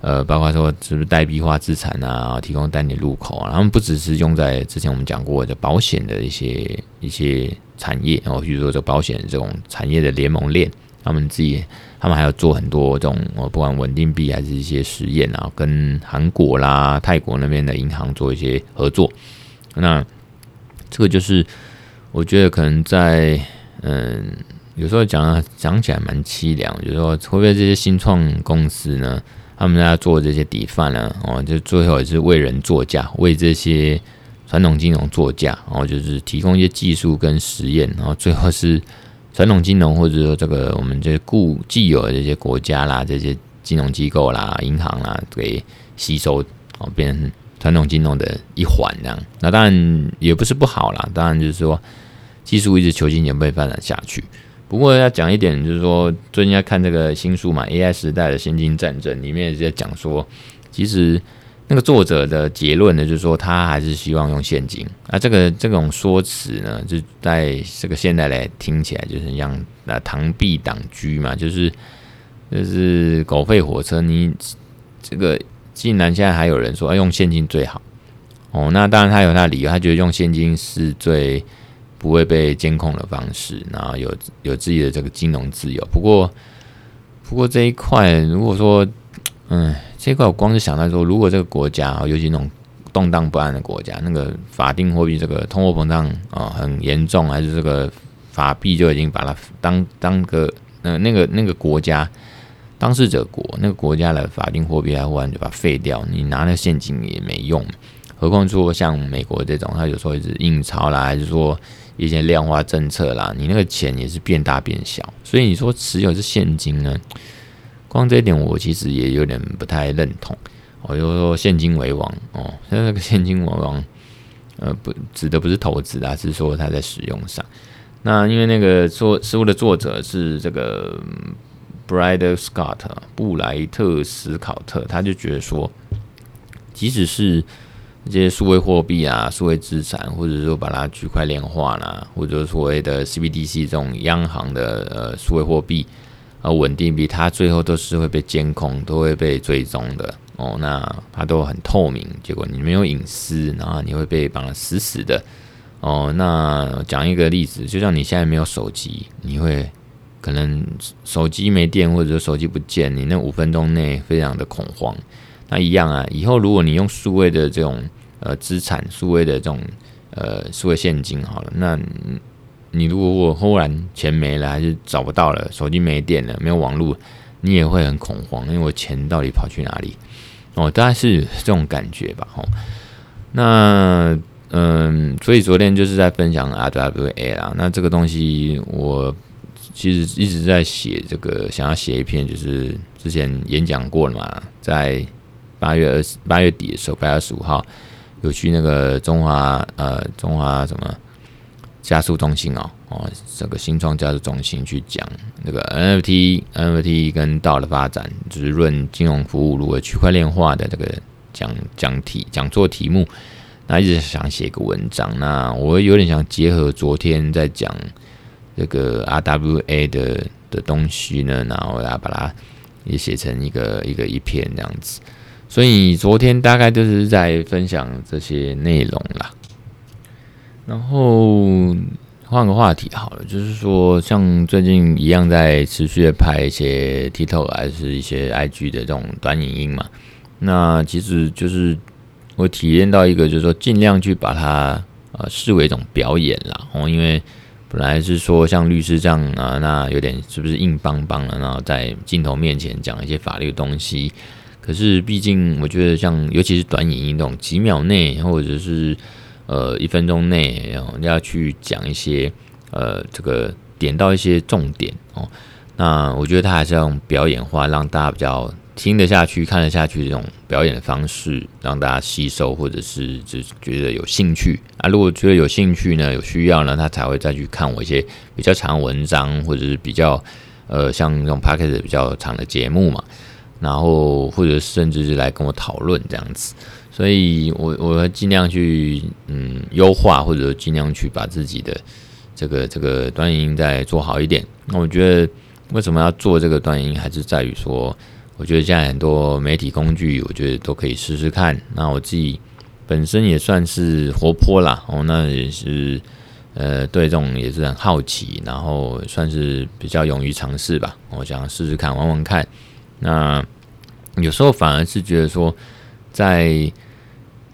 呃，包括說是不是代幣化資產啊，哦，提供代幣入口啊，他們不只是用在之前我們講過的保險的一些一些產業哦，比如說這保險這種產業的聯盟鏈。他們自己，他們還要做很多這種哦，不管穩定幣還是一些實驗啊，然後跟韓國啦、泰國那邊的銀行做一些合作。那這個就是，我覺得可能在嗯，有時候講講起來蠻淒涼，就是說會不會這些新創公司呢，他們在做這些底飯呢、啊？哦，就最後也是為人作嫁，為這些傳統金融作嫁，然後，哦，就是提供一些技術跟實驗，然後最後是。傳統金融，或者說這個我們這固既有的這些國家啦、這些金融機構啦、銀行啦，給吸收哦，變成傳統金融的一環這樣。那當然也不是不好啦，當然就是說技術一直求精也被發展下去。不過要講一點，就是說最近在看這個新書嘛，《AI 時代的現金戰爭》，裡面也是在講說，其實。那個作者的結論呢，就是說他還是希望用現金。啊，這個這種說辭呢，就在這個現在來聽起來就是讓那螳臂擋車嘛，就是就是狗吠火車。你這個竟然現在還有人說要、啊、用現金最好哦？那當然他有他的理由，他覺得用現金是最不會被監控的方式，然後有有自己的這個金融自由。不過不過這一塊如果說，嗯。這塊、個、我光是想到說，如果這個國家，尤其那種動盪不安的國家，那個法定貨幣這個通貨膨脹啊、呃、很嚴重，還是這個法幣就已經把它當當個那那個那個國家當事者國那個國家的法定貨幣，它忽然就把它廢掉，你拿那個現金也沒用。何況說像美國這種，它有時候一直印鈔啦，還是說一些量化政策啦，你那個錢也是變大變小。所以你說持有這現金呢？光這一點，我其實也有點不太認同。我、哦、就是、說現金為王哦，現在這個現金為王，王，呃，不指的不是投資啊，是說它在使用上。那因為那個作書的作者是這個、嗯、Brett Scott 布萊特斯考特，他就覺得說，即使是這些數位貨幣啊、數位資產，或者說把它區塊鏈化啦、啊，或者說所謂的 CBDC 這種央行的呃數位貨幣。啊，穩定幣它最後都是會被監控，都會被追蹤的哦。那它都很透明，結果你沒有隱私，然後你會被綁得死死的哦。那我講一個例子，就像你現在沒有手機，你會可能手機沒電，或者說手機不見，你那五分鐘內非常的恐慌。那一樣啊，以後如果你用數位的這種呃資產，數位的這種呃數位現金好了，那。你如果我忽然錢沒了，還是找不到了，手機沒電了，沒有網絡，你也會很恐慌，因為我錢到底跑去哪裡？哦，大概是這種感覺吧。吼，那嗯，所以昨天就是在分享 RWA 啦。那這個東西我其實一直在寫，這個想要寫一篇，就是之前演講過了嘛，在八月二十，八月底的時候，八月二十五號有去那個中華呃中華什麼。加速中心哦哦，這個新創加速中心去講那個 NFT NFT 跟 DAO 的發展，就是論金融服務如何區塊鏈化的這個講講題講座題目，那一直想寫個文章，那我有點想結合昨天在講這個 RWA 的的東西呢，然後來把它也寫成一個一個一篇這樣子，所以你昨天大概就是在分享這些內容啦。然後換個話題好了，就是說像最近一樣在持續的拍一些 TikTok 還是一些 IG 的這種短影音嘛？那其實就是我體驗到一個，就是說盡量去把它呃視為一種表演啦。哦、嗯，因為本來是說像律師這樣啊、呃，那有點是不是硬邦邦的？然後在鏡頭面前講一些法律的東西，可是畢竟我覺得像尤其是短影音這種幾秒內，或者是。呃，一分鐘內你要去講一些呃，這個點到一些重點哦。那我覺得他還是要用表演化，讓大家比較聽得下去、看得下去這種表演的方式，讓大家吸收或者是就是覺得有興趣。啊。如果覺得有興趣呢，有需要呢，他才會再去看我一些比較長的文章，或者是比較呃像種 p a c k a s t 比較長的節目嘛。然後或者甚至是來跟我討論這樣子。所以我我盡量去嗯優化，或者盡量去把自己的這個這個端音，音再做好一點。那我覺得為什麼要做這個端音，還是在於說，我覺得現在很多媒體工具，我覺得都可以試試看。那我自己本身也算是活潑啦，哦，那也是呃對這種也是很好奇，然後算是比較勇於嘗試吧。我、哦、想試試看，玩玩看。那有時候反而是覺得說，在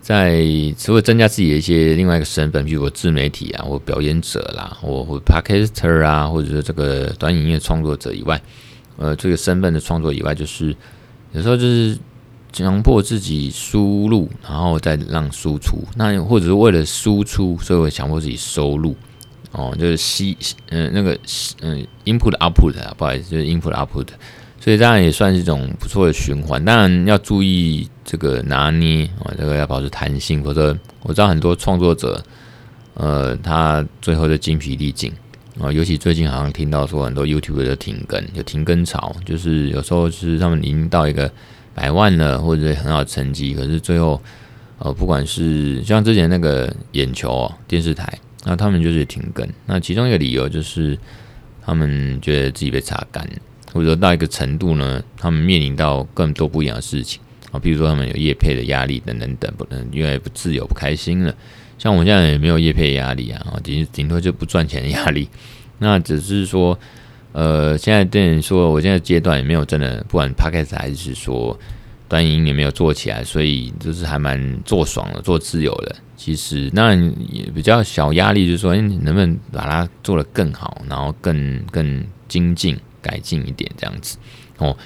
在除了增加自己的一些另外一個身份，比如我自媒體啊，我表演者啦、啊，我我 podcaster 啊，或者是這個短影音的創作者以外，呃，這個身份的創作以外，就是有時候就是強迫自己輸入，然後再讓輸出。那或者是為了輸出，所以我強迫自己收入。哦，就是吸，嗯，那個嗯，input output 啊，不好意思，就是 input output。所以當然也算是一種不錯的循環，當然要注意這個拿捏啊、哦，這個要保持彈性。或者我知道很多創作者，呃，他最後的精疲力盡啊、哦，尤其最近好像聽到說很多 YouTuber 的停更，有停更潮，就是有時候是他們已經到一個百萬了，或者很好的成績，可是最後呃，不管是像之前那個眼球哦電視台，那他們就是停更，那其中一個理由就是他們覺得自己被榨乾了。或者到一個程度呢，他們面臨到更多不一樣的事情啊，比如說他們有業配的壓力等等等等，不能因為不自由不開心了。像我現在也沒有業配壓力啊，頂頂多就不賺錢的壓力。那只是說，呃，現在電影說，我現在階段也沒有真的，不管 podcast 還是說短影音也沒有做起來，所以就是還蠻做爽了，做自由了。其實那也比較小壓力，就是說，哎，你能不能把它做得更好，然後更更精進。改進一點這樣子哦，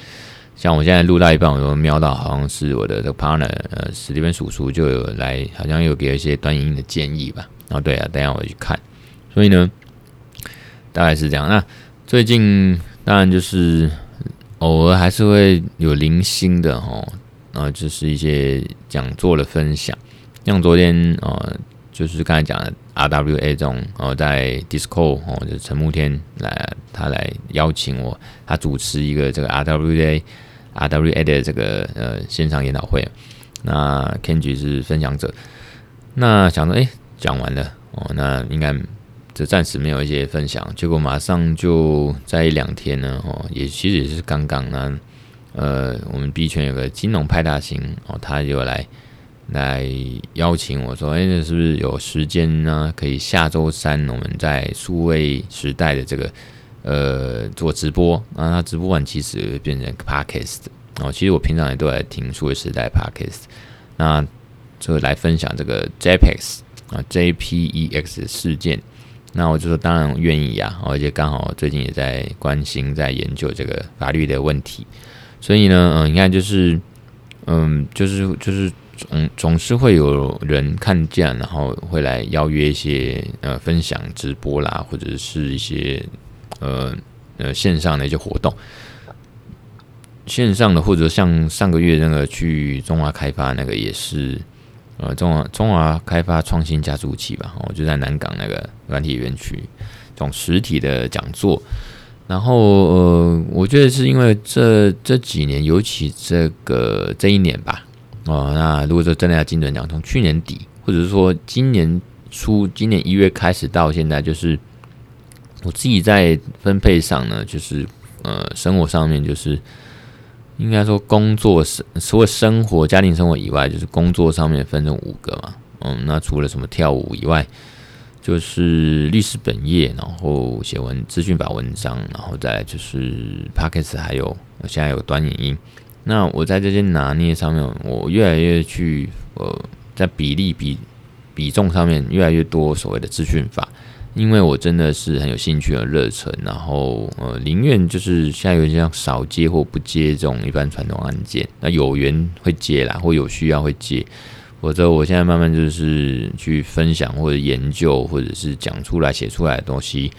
像我現在錄到一半，我瞄到好像是我的這個 partner 呃，史蒂芬叔叔就有來，好像有給有一些段英的建議吧。哦，對啊，等一下我去看。所以呢，大概是這樣。那最近當然就是偶爾還是會有零星的哈啊、哦、呃，就是一些講座的分享，像昨天啊、呃，就是剛才講的。RWA 中，哦，在 Discord 哦，就是陳慕天來，他來邀請我，他主持一個這個 RWA、RWA 的這個呃現場研討會。那 Kenji 是分享者，那想說誒，講、欸、完了哦，那應該就暫時沒有一些分享。結果馬上就在一兩天呢哦，也其實也是剛剛呢，呃，我們 B 圈有個金融派大星哦，他又來。來邀請我說：“哎，那是不是有時間呢？可以下周三我們在數位時代的這個呃做直播，那他、啊、直播完其實變成 podcast 哦。其實我平常也都在聽數位時代 podcast。那就來分享這個 JPEX 啊 JPEX 事件。那我就說當然願意啊，而且剛好最近也在關心在研究這個法律的問題，所以呢，嗯，應該就是嗯，就是就是。”總總是會有人看見，然後會來邀約一些呃分享直播啦，或者是一些呃呃線上的一些活動，線上的或者像上個月那個去中華開發那個也是呃中華中華開發創新加速器吧，我、哦、就在南港那個軟體園區做實體的講座，然後、呃、我覺得是因為這這幾年，尤其這個這一年吧。哦，那如果說真的要精準講，從去年底或者是說今年初，今年一月開始到現在，就是我自己在分配上呢，就是呃，生活上面就是應該說工作生，除了生活、家庭生活以外，就是工作上面分成五個嘛。嗯，那除了什麼跳舞以外，就是律師本業，然後寫文、資訊法文章，然後再就是 Podcast，還有現在有短影音。那我在這些拿捏上面，我越來越去呃，在比例比比重上面越來越多所謂的資訊法，因為我真的是很有興趣和熱忱，然後呃，寧願就是下游這樣少接或不接這種一般傳統案件，那有緣會接啦，或有需要會接，或者我現在慢慢就是去分享或者研究，或者是講出來寫出來的東西，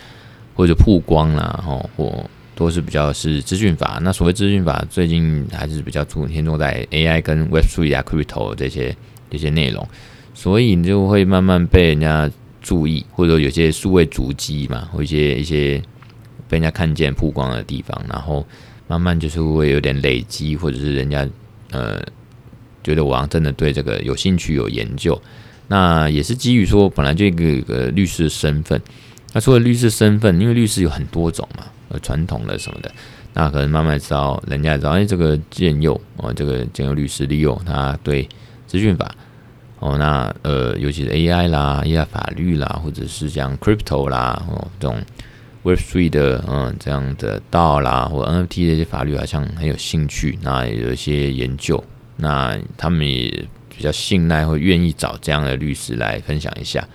或者曝光啦、齁，或。都是比較是資訊法，那所謂資訊法最近還是比較注偏重在 AI 跟 Web 3啊、Crypto 這些這些內容，所以你就會慢慢被人家注意，或者說有些數位足跡嘛，或者一些一些被人家看見曝光的地方，然後慢慢就是會有點累積，或者是人家呃覺得我真的對這個有興趣、有研究，那也是基於說本來就有一個律師身份。除了律師身份，因為律師有很多種嘛，呃，傳統的什麼的，那可能慢慢知道，人家也知道，哎，這個薦誘哦，這個薦誘律師利用他對資訊法哦，那呃，尤其是 AI 啦、AI 法律啦，或者是像 crypto 啦，哦，這種 Web three 的嗯這樣的 DAO 啦，或者 NFT 這些法律好像很有興趣，那也有一些研究，那他們也比較信賴或願意找這樣的律師來分享一下。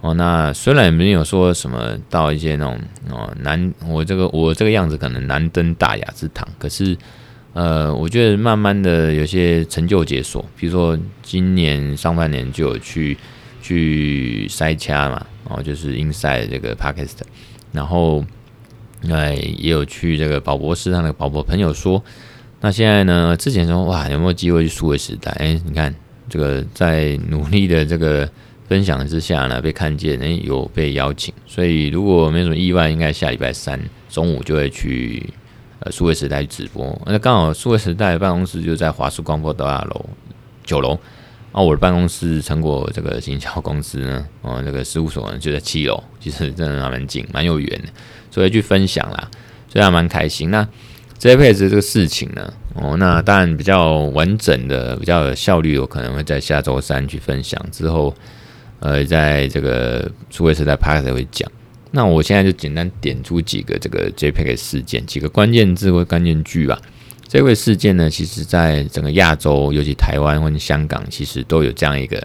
哦，那雖然沒有說什麼到一些那種哦難，我這個我這個樣子可能難登大雅之堂，可是呃，我覺得慢慢的有些成就解鎖，比如說今年上半年就有去去塞卡嘛，哦，就是 inside 這個 Podcast 然後那、呃、也有去這個寶博士，那個寶博朋友說，那現在呢，之前說哇有沒有機會去數位時代？哎、欸，你看這個在努力的這個。分享之下呢，被看見、欸，有被邀請，所以如果沒什麼意外，應該下禮拜三中午就會去呃數位時代直播。那、啊、剛好數位時代辦公室就在華數光波大廈樓九樓，啊，我的辦公室成果這個經銷公司呢，哦、啊、那、這個事務所呢就在七樓，其實真的蠻近，蠻有緣的，所以去分享啦，所以還蠻開心。那 JPEX 這個事情呢，哦，那當然比較完整的、比較有效率，有可能會在下周三去分享之後。呃，在這個蘇偉是在 Pax 會講，那我現在就簡單點出幾個這個 JPEX 事件，幾個關鍵字或關鍵句吧。這個事件呢，其實在整個亞洲，尤其台灣或香港，其實都有這樣一個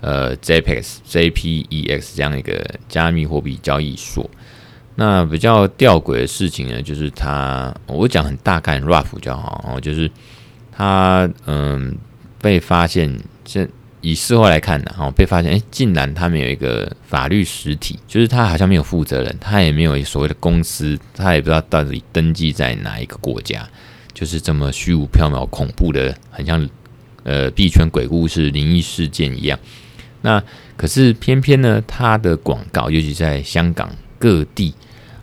呃 JPEX JPEX 這樣一個加密貨幣交易所。那比較弔詭的事情呢，就是它我講很大概 rough 就好，然、哦、後就是它嗯、呃、被發現這。以事後來看呢，哦，被發現，哎，竟然他們有一個法律實體，就是他好像沒有負責人，他也沒有所謂的公司，他也不知道到底登記在哪一個國家，就是這麼虛無縹緲、恐怖的，很像呃幣圈鬼故事、靈異事件一樣。那可是偏偏呢，他的廣告，尤其在香港各地，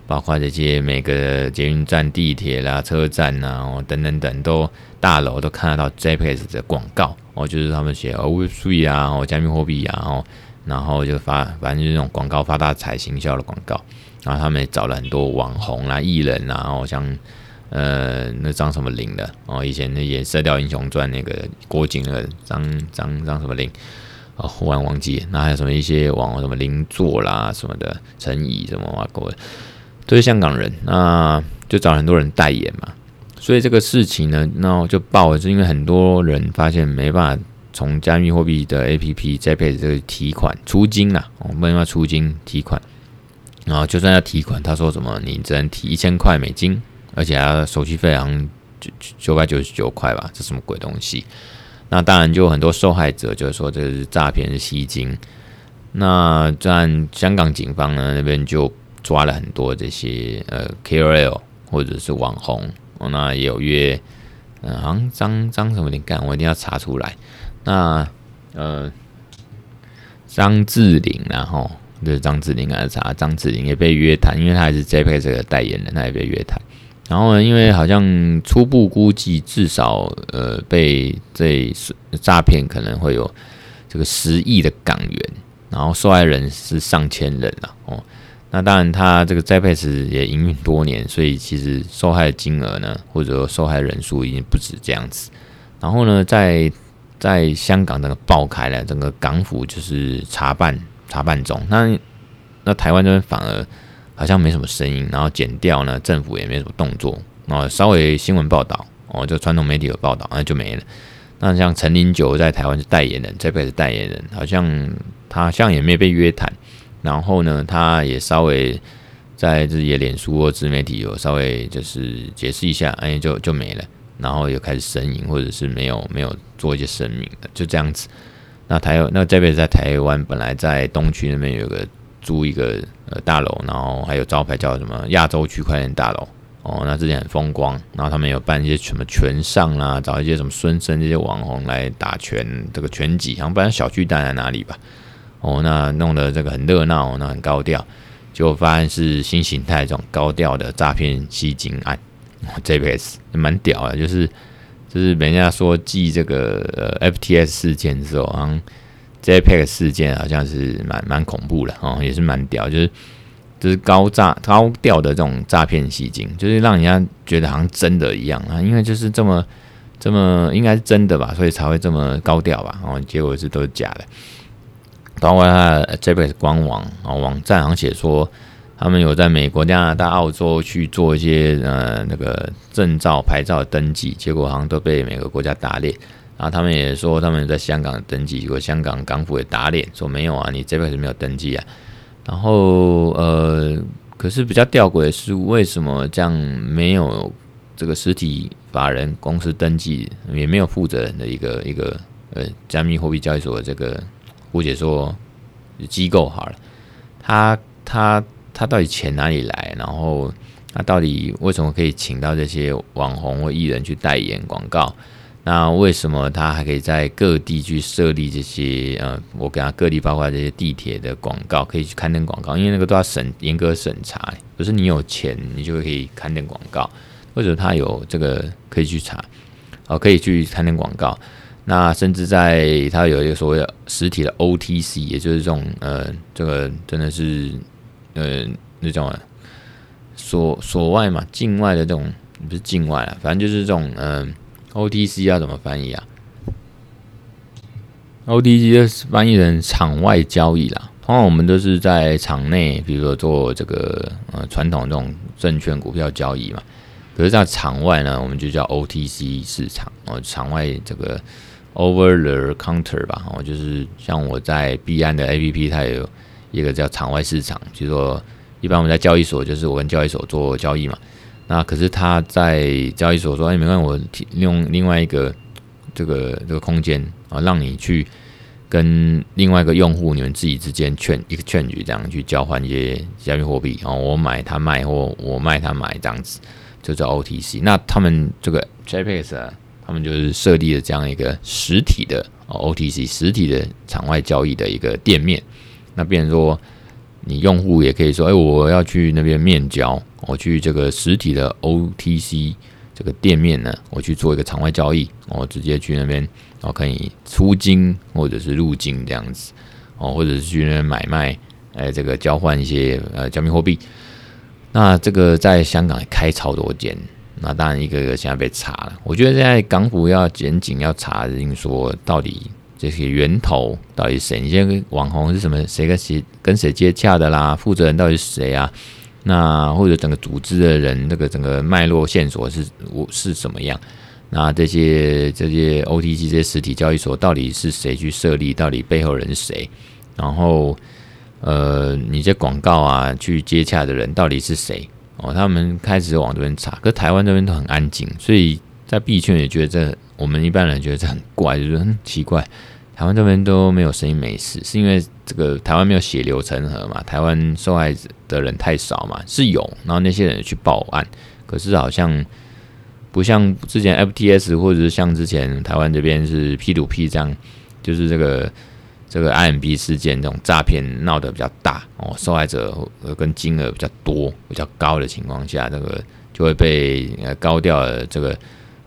包括這些每個捷運站、地鐵啦、車站啊，哦、等等等，都大樓都看得到 JPEX 的廣告。哦，就是他們寫啊 Web3 啊，哦，加密貨幣啊，然、哦、後，然後就發，反正就是那種廣告發大財、行銷的廣告。然後他們也找了很多網紅啊、藝人啊，然、哦、後像，呃，那張什麼林的，哦，以前那些《射雕英雄傳》那個郭靖的、那個、張張張什麼林，哦，忽然忘記。那還有什麼一些網紅什麼林作啦什麼的，陳怡什麼啊，各位都是香港人，那就找很多人代言嘛。所以這個事情呢，那我就爆了，是因為很多人發現沒辦法從加密貨幣的 A P P JPEX 這個提款出金了，啊，沒有辦法出金提款，然後就算要提款，他說什麼，你只能提一千塊美金，而且還要手續費，好像九九百九十九塊吧，這什麼鬼東西？那當然就很多受害者就是說這是詐騙吸金，那在香港警方呢那邊就抓了很多這些呃 K O L 或者是網紅。那也有約，嗯、呃，好像張張什麼你幹，我一定要查出來。那呃，張智霖、啊，然後就是張智霖啊查，張智霖也被約談，因為他還是 JPEX 這個代言人，他也被約談。然後呢，因為好像初步估計，至少呃被這詐騙可能會有這個十億的港元，然後受害人是上千人了、啊，哦。那當然，他這個 JPEX 也營運多年，所以其實受害的金額呢，或者受害的人數已經不止這樣子。然後呢，在在香港這個爆開了，整個港府就是查辦、查辦中。那那台灣這邊反而好像沒什麼聲音，然後檢調呢，政府也沒什麼動作。那稍微新聞報道，哦，就傳統媒體有報道，那、啊、就沒了。那像陳零九在台灣是代言人，JPEX 代言人，好像他好像也沒有被約談。然後呢，他也稍微在自己的臉書或自媒體有稍微就是解釋一下，哎，就就沒了，然後又開始呻吟，或者是沒有沒有做一些聲明，就這樣子。那台那這邊在台灣，本來在東區那邊有個租一個呃大樓，然後還有招牌叫什麼亞洲區塊鏈大樓哦，那之前很風光，然後他們有辦一些什麼拳上啦、啊，找一些什麼孫生這些網紅來打拳，這個拳擊好像不然小巨蛋在哪裡吧？哦，那弄得這個很熱鬧，那很高調，就發現是新形態這種高調的詐騙吸金案，JPEX 也蠻屌的，就是就是人家說繼這個呃 FTX 事件的時候，JPEX 事件好像是蠻蠻恐怖的哦，也是蠻屌，就是就是高詐高調的這種詐騙吸金，就是讓人家覺得好像真的一樣啊，因為就是這麼這麼應該是真的吧，所以才會這麼高調吧，然、哦、結果是都是假的。包括他的 JPEX 官網啊，然後網站上寫說他們有在美國、加拿大、澳洲去做一些呃那個證照、牌照的登記，結果好像都被每個國家打臉。然後他們也說他們在香港登記，結果香港港府也打臉，說沒有啊，你 JPEX 沒有登記啊。然後呃，可是比較吊詭的是，為什麼這樣沒有這個實體法人公司登記，也沒有負責人的一個一個呃加密貨幣交易所的這個？或者說：“機構好了，他他他到底錢哪裡來？然後他到底為什麼可以請到這些網紅或藝人去代言廣告？那為什麼他還可以在各地去設立這些？呃，我給他各地包括這些地鐵的廣告可以去刊登廣告，因為那個都要審，嚴格審查，不、就是你有錢你就可以刊登廣告，或者他有這個可以去查，哦，可以去刊登廣告。”那甚至在它有一個所謂的實體的 OTC，也就是這種呃，這個真的是呃那種所所外嘛，境外的這種不是境外啦，反正就是這種嗯、呃、OTC 要怎麼翻譯啊？OTC 就是翻譯成場外交易啦。通常我們都是在場內，比如說做這個呃傳統這種證券股票交易嘛。可是，在場外呢，我們就叫 OTC 市場哦，場外這個。Over the counter 吧，我就是像我在幣安的 APP，它有一個叫場外市場，就是、說一般我們在交易所，就是我跟交易所做交易嘛。那可是他在交易所說：“哎，沒關係，我用另外一個這個這個空間啊，讓你去跟另外一個用戶，你們自己之間券一個券局這樣去交換一些加密貨幣。然後我買他賣，或我賣他買，這樣子就叫 OTC。那他們這個 JPEX、啊他們就是設立了這樣一個實體的 OTC 實體的場外交易的一個店面。那變成說，你用戶也可以說，哎、欸，我要去那邊面交，我去這個實體的 OTC 這個店面呢，我去做一個場外交易，我、哦、直接去那邊，我、哦、可以出金或者是入金這樣子，哦，或者是去那邊買賣，哎，這個交換一些呃加密貨幣。那這個在香港開超多間。那當然，一個一個現在被查了。我覺得現在港府要檢警要查，就是說到底這些源頭到底是誰？這些網紅是什麼？誰跟誰跟誰接洽的啦？負責人到底是誰啊？那或者整個組織的人，那、這個整個脈絡線索是我是什麼樣？那這些這些 OTC 這些實體交易所到底是誰去設立？到底背後人是誰？然後呃，你這廣告啊，去接洽的人到底是誰？哦，他們開始往這邊查，可是台灣這邊都很安靜，所以在幣圈也覺得這，我們一般人覺得這很怪，就是很奇怪，台灣這邊都沒有聲音沒事，是因為這個台灣沒有血流成河嘛，台灣受害的人太少嘛。是有，然後那些人也去報案，可是好像不像之前 FTS 或者是像之前台灣這邊是 P2P 這樣，就是這個。這個 I M B 事件這種詐騙鬧得比較大哦，受害者跟金額比較多、比較高的情況下，這個就會被、呃、高調，的這個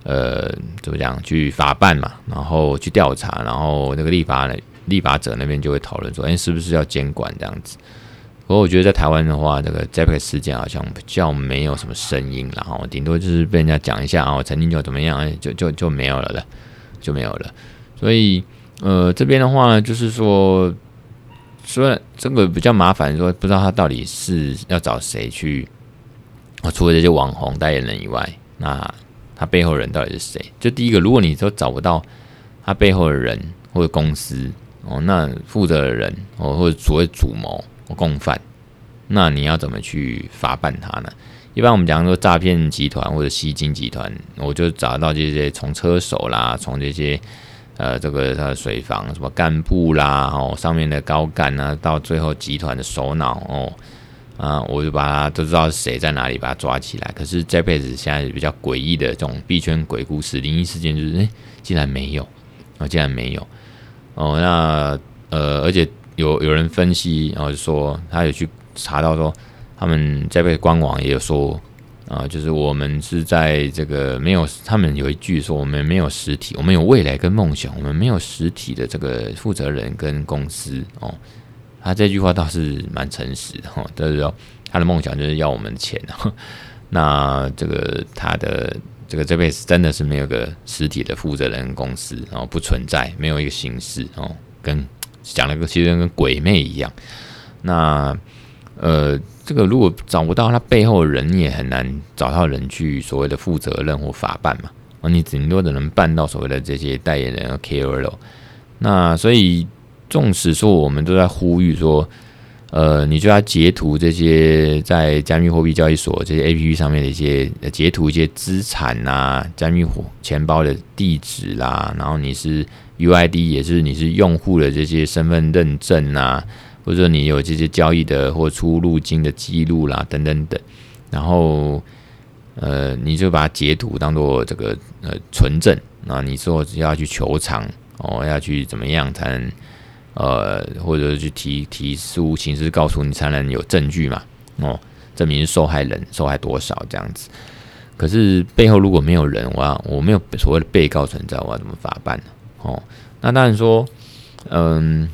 呃怎麼講去法辦嘛，然後去調查，然後那個立法呢，立法者那邊就會討論說，誒、哎，是不是要監管這樣子？不過我覺得在台灣的話，這個 JPEX 事件好像比較沒有什麼聲音，然、哦、後頂多就是被人家講一下，哦、我曾經就怎麼樣，哎、就就就沒有了了，就沒有了，所以。呃，這邊的話呢，就是說，雖然這個比較麻煩，說不知道他到底是要找誰去。哦，除了這些網紅代言人以外，那他背後的人到底是誰？就第一個，如果你都找不到他背後的人或者公司哦，那負責的人哦，或者所謂主謀、共犯，那你要怎麼去法辦他呢？一般我們講說詐騙集團或者吸金集團，我就找到這些從車手啦，從這些。呃，這個他的水房什麼幹部啦，哦，上面的高幹呢、啊，到最後集團的首腦哦，啊，我就把他都知道是誰在哪裡，把他抓起來。可是 JPEX 現在比較詭異的這種幣圈鬼故事、靈異事件，就是哎、欸，竟然沒有，哦，竟然沒有，哦，那呃，而且有有人分析，然、哦、後就說他有去查到說，他們 JPEX 官網也有說。啊，就是我們是在這個沒有，他們有一句說，我們沒有實體，我們有未來跟夢想，我們沒有實體的這個負責人跟公司哦。他這句話倒是蠻誠實的哈、哦，就是說、哦、他的夢想就是要我們錢。哦、那這個他的這個這輩子真的是沒有個實體的負責人公司哦，不存在，沒有一個形式哦，跟講了個，其實跟鬼魅一樣。那。呃，這個如果找不到他背後的人，也很難找到人去所謂的負責任或法辦嘛。啊、哦，你頂多只能辦到所謂的這些代言人和 KOL。那所以，縱使說我們都在呼籲說，呃，你就要截圖這些在加密貨幣交易所這些 APP 上面的一些截圖，一些資產吶、啊，加密錢包的地址啦、啊，然後你是 UID，也是你是用戶的這些身份認證吶、啊。或者說你有這些交易的或出入金的記錄啦等等等，然後呃你就把它截圖當做這個呃存證，啊。你說要去求償哦，要去怎麼樣才能呃或者去提提出刑事告訴，你才能有證據嘛哦、呃、證明是受害人受害多少這樣子。可是背後如果沒有人，我要我沒有所謂的被告存在，我要怎麼法辦呢、啊？哦，那當然說嗯、呃。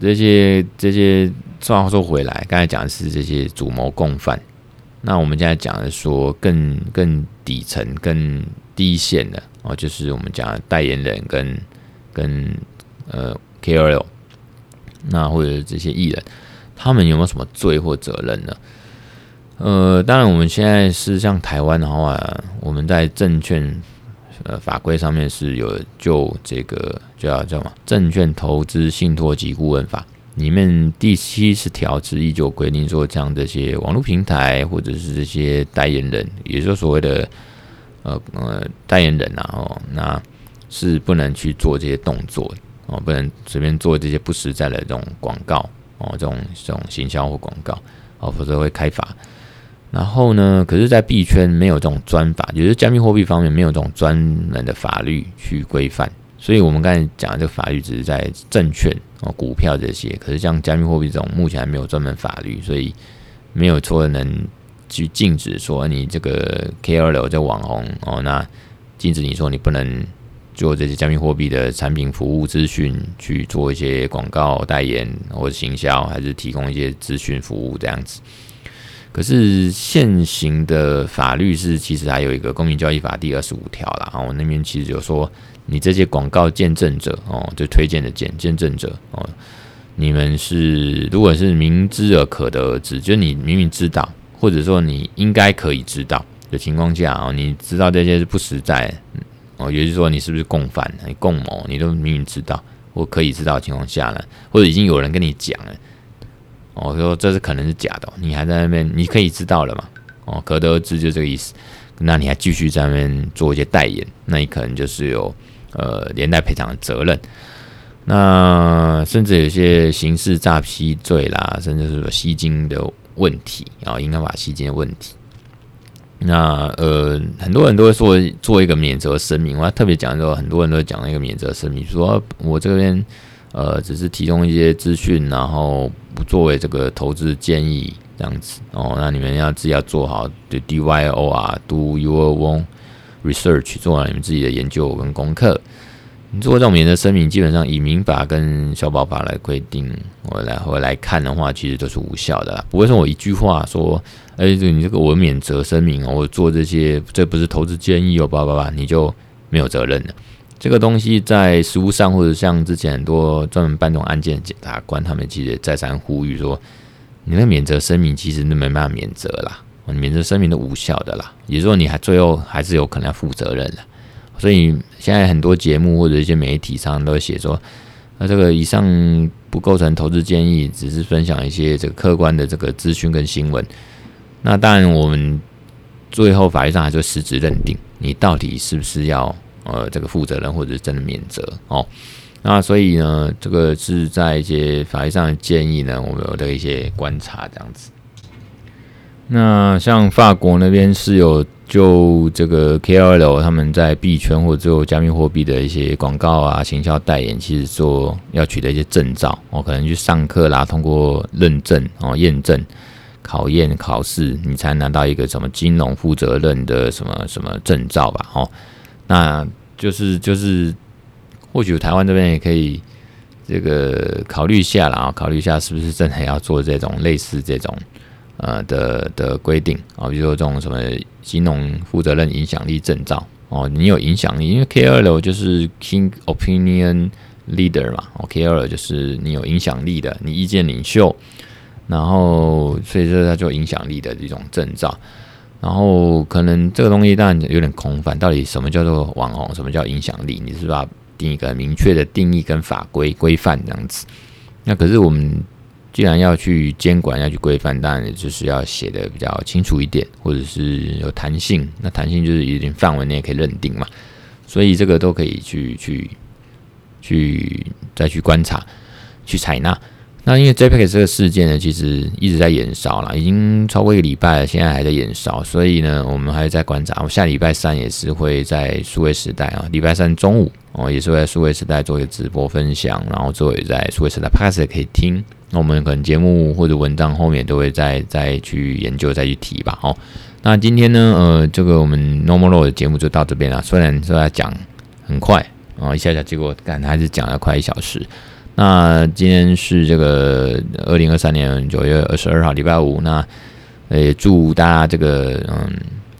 這些這些，說完話說回來，剛才講的是這些主謀共犯，那我們現在講的說更更底層、更低線的哦，就是我們講的代言人跟跟呃 KOL，那或者這些藝人，他們有沒有什麼罪或責任呢？呃，當然我們現在是像台灣的話，我們在證券。呃，法規上面是有就這個就叫叫嘛，《證券投資信託及顧問法》裡面第七十條之一就規定說，像這些網絡平台或者是這些代言人，也就是所謂的呃呃代言人吶、啊，哦，那是不能去做這些動作哦，不能隨便做這些不實在的這種廣告哦，這種這種行銷或廣告哦，否則會開罰。然後呢，可是，在幣圈沒有這種專法，也就是加密貨幣方面沒有這種專門的法律去規範。所以，我們剛才講的這個法律只是在證券哦、股票這些。可是，像加密貨幣這種，目前還沒有專門法律，所以沒有說能去禁止說你這個 K 二六這個、網紅哦，那禁止你說你不能做這些加密貨幣的產品、服務、資訊去做一些廣告代言或者行銷，還是提供一些諮詢服務這樣子。可是現行的法律是，其實還有一個《公平交易法》第二十五條啦。啊、哦，我那邊其實有說，你這些廣告見證者哦，就推薦的見見證者哦，你們是如果是明知而可得而知，就是你明明知道，或者說你應該可以知道的情況下哦，你知道這些是不實在哦，也就是說你是不是共犯、你共謀，你都明明知道或可以知道的情況下了，或者已經有人跟你講了。我、哦、說這是可能是假的，你還在那邊，你可以知道了嘛？哦，可得知就這個意思。那你還繼續在那邊做一些代言，那你可能就是有呃連帶賠償的責任。那甚至有些刑事詐騙罪啦，甚至是說吸金的問題啊、哦，應該把吸金的問題。那呃，很多人都會做做一個免責聲明，我要特別講的時候，很多人都會講了一個免責聲明，說我這邊。呃，只是提供一些資訊，然後不作為這個投資建議這樣子哦。那你們要自己要做好，對，DYOR 啊，Do your own research，做完你們自己的研究跟功課。你做這種免責聲明，基本上以民法跟消保法來規定，我來回來看的話，其實都是無效的啦。不會說我一句話說，哎、欸，你這個我免責聲明、哦，我做這些這不是投資建議哦，爸爸爸，你就沒有責任了。這個東西在實務上，或者像之前很多專門辦這種案件的檢察官，他們其實也再三呼籲說，你的免責聲明其實就沒辦法免責啦，免責聲明都無效的啦，也就是說你還最後還是有可能要負責任的。所以現在很多節目或者一些媒體上都寫說，那這個以上不構成投資建議，只是分享一些這個客觀的這個資訊跟新聞。那當然我們最後法律上還是實質認定，你到底是不是要。呃，這個負責人或者是真的免責哦，那所以呢，這個是在一些法律上的建議呢，我們有的一些觀察這樣子。那像法國那邊是有就這個 KOL 他們在幣圈或者加密貨幣的一些廣告啊、行銷代言，其實說要取得一些證照，我可能去上課啦，通過認證哦、驗證、考驗、考試，你才拿到一個什麼金融負責任的什麼什麼證照吧哦，那。就是就是，或許台灣這邊也可以這個考慮一下啦。啊，考慮一下是不是真的要做這種類似這種呃的的規定啊、哦，比如說這種什麼金融負責任影響力證照哦，你有影響力，因為 K 二就是 King Opinion Leader 嘛，哦 K 二就是你有影響力的，你意見領袖，然後所以說它有影響力的這種證照。然後可能這個東西當然有點空泛，到底什麼叫做網紅，什麼叫影響力？你是不是要定一個明確的定義跟法規規範這樣子。那可是我們既然要去監管，要去規範，當然就是要寫的比較清楚一點，或者是有彈性。那彈性就是有點範圍你也可以認定嘛。所以這個都可以去去去再去觀察，去採納。那因為 JPEX 這個事件呢，其實一直在延燒啦，已經超過一個禮拜了，現在還在延燒，所以呢，我們還在觀察。我、哦、下禮拜三也是會在數位時代啊，禮、哦、拜三中午哦，也是會在數位時代做一個直播分享，然後作為在數位時代 Podcast 可以聽。那我們可能節目或者文章後面都會再再去研究再去提吧。好、哦，那今天呢，呃，這個我們 Normal 的節目就到這邊了。雖然說要講很快，然、哦、後一下下結果但還是講了快一小時。那今天是這個二零二三年九月二十二號，禮拜五。那也祝大家這個嗯，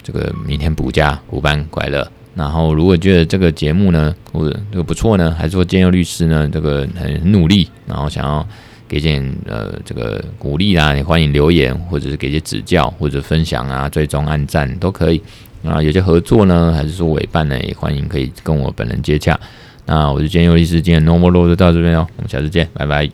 這個明天補假補班快樂。然後如果覺得這個節目呢，或者這個不錯呢，還是說建佑律師呢，這個很努力，然後想要給點呃這個鼓勵啦、啊，也歡迎留言，或者是給些指教或者分享啊，最終按讚都可以。啊，有些合作呢，還是說委辦呢，也歡迎可以跟我本人接洽。那我是今天有利時間 Normal Road 就到這邊哦，我們下次見，拜拜。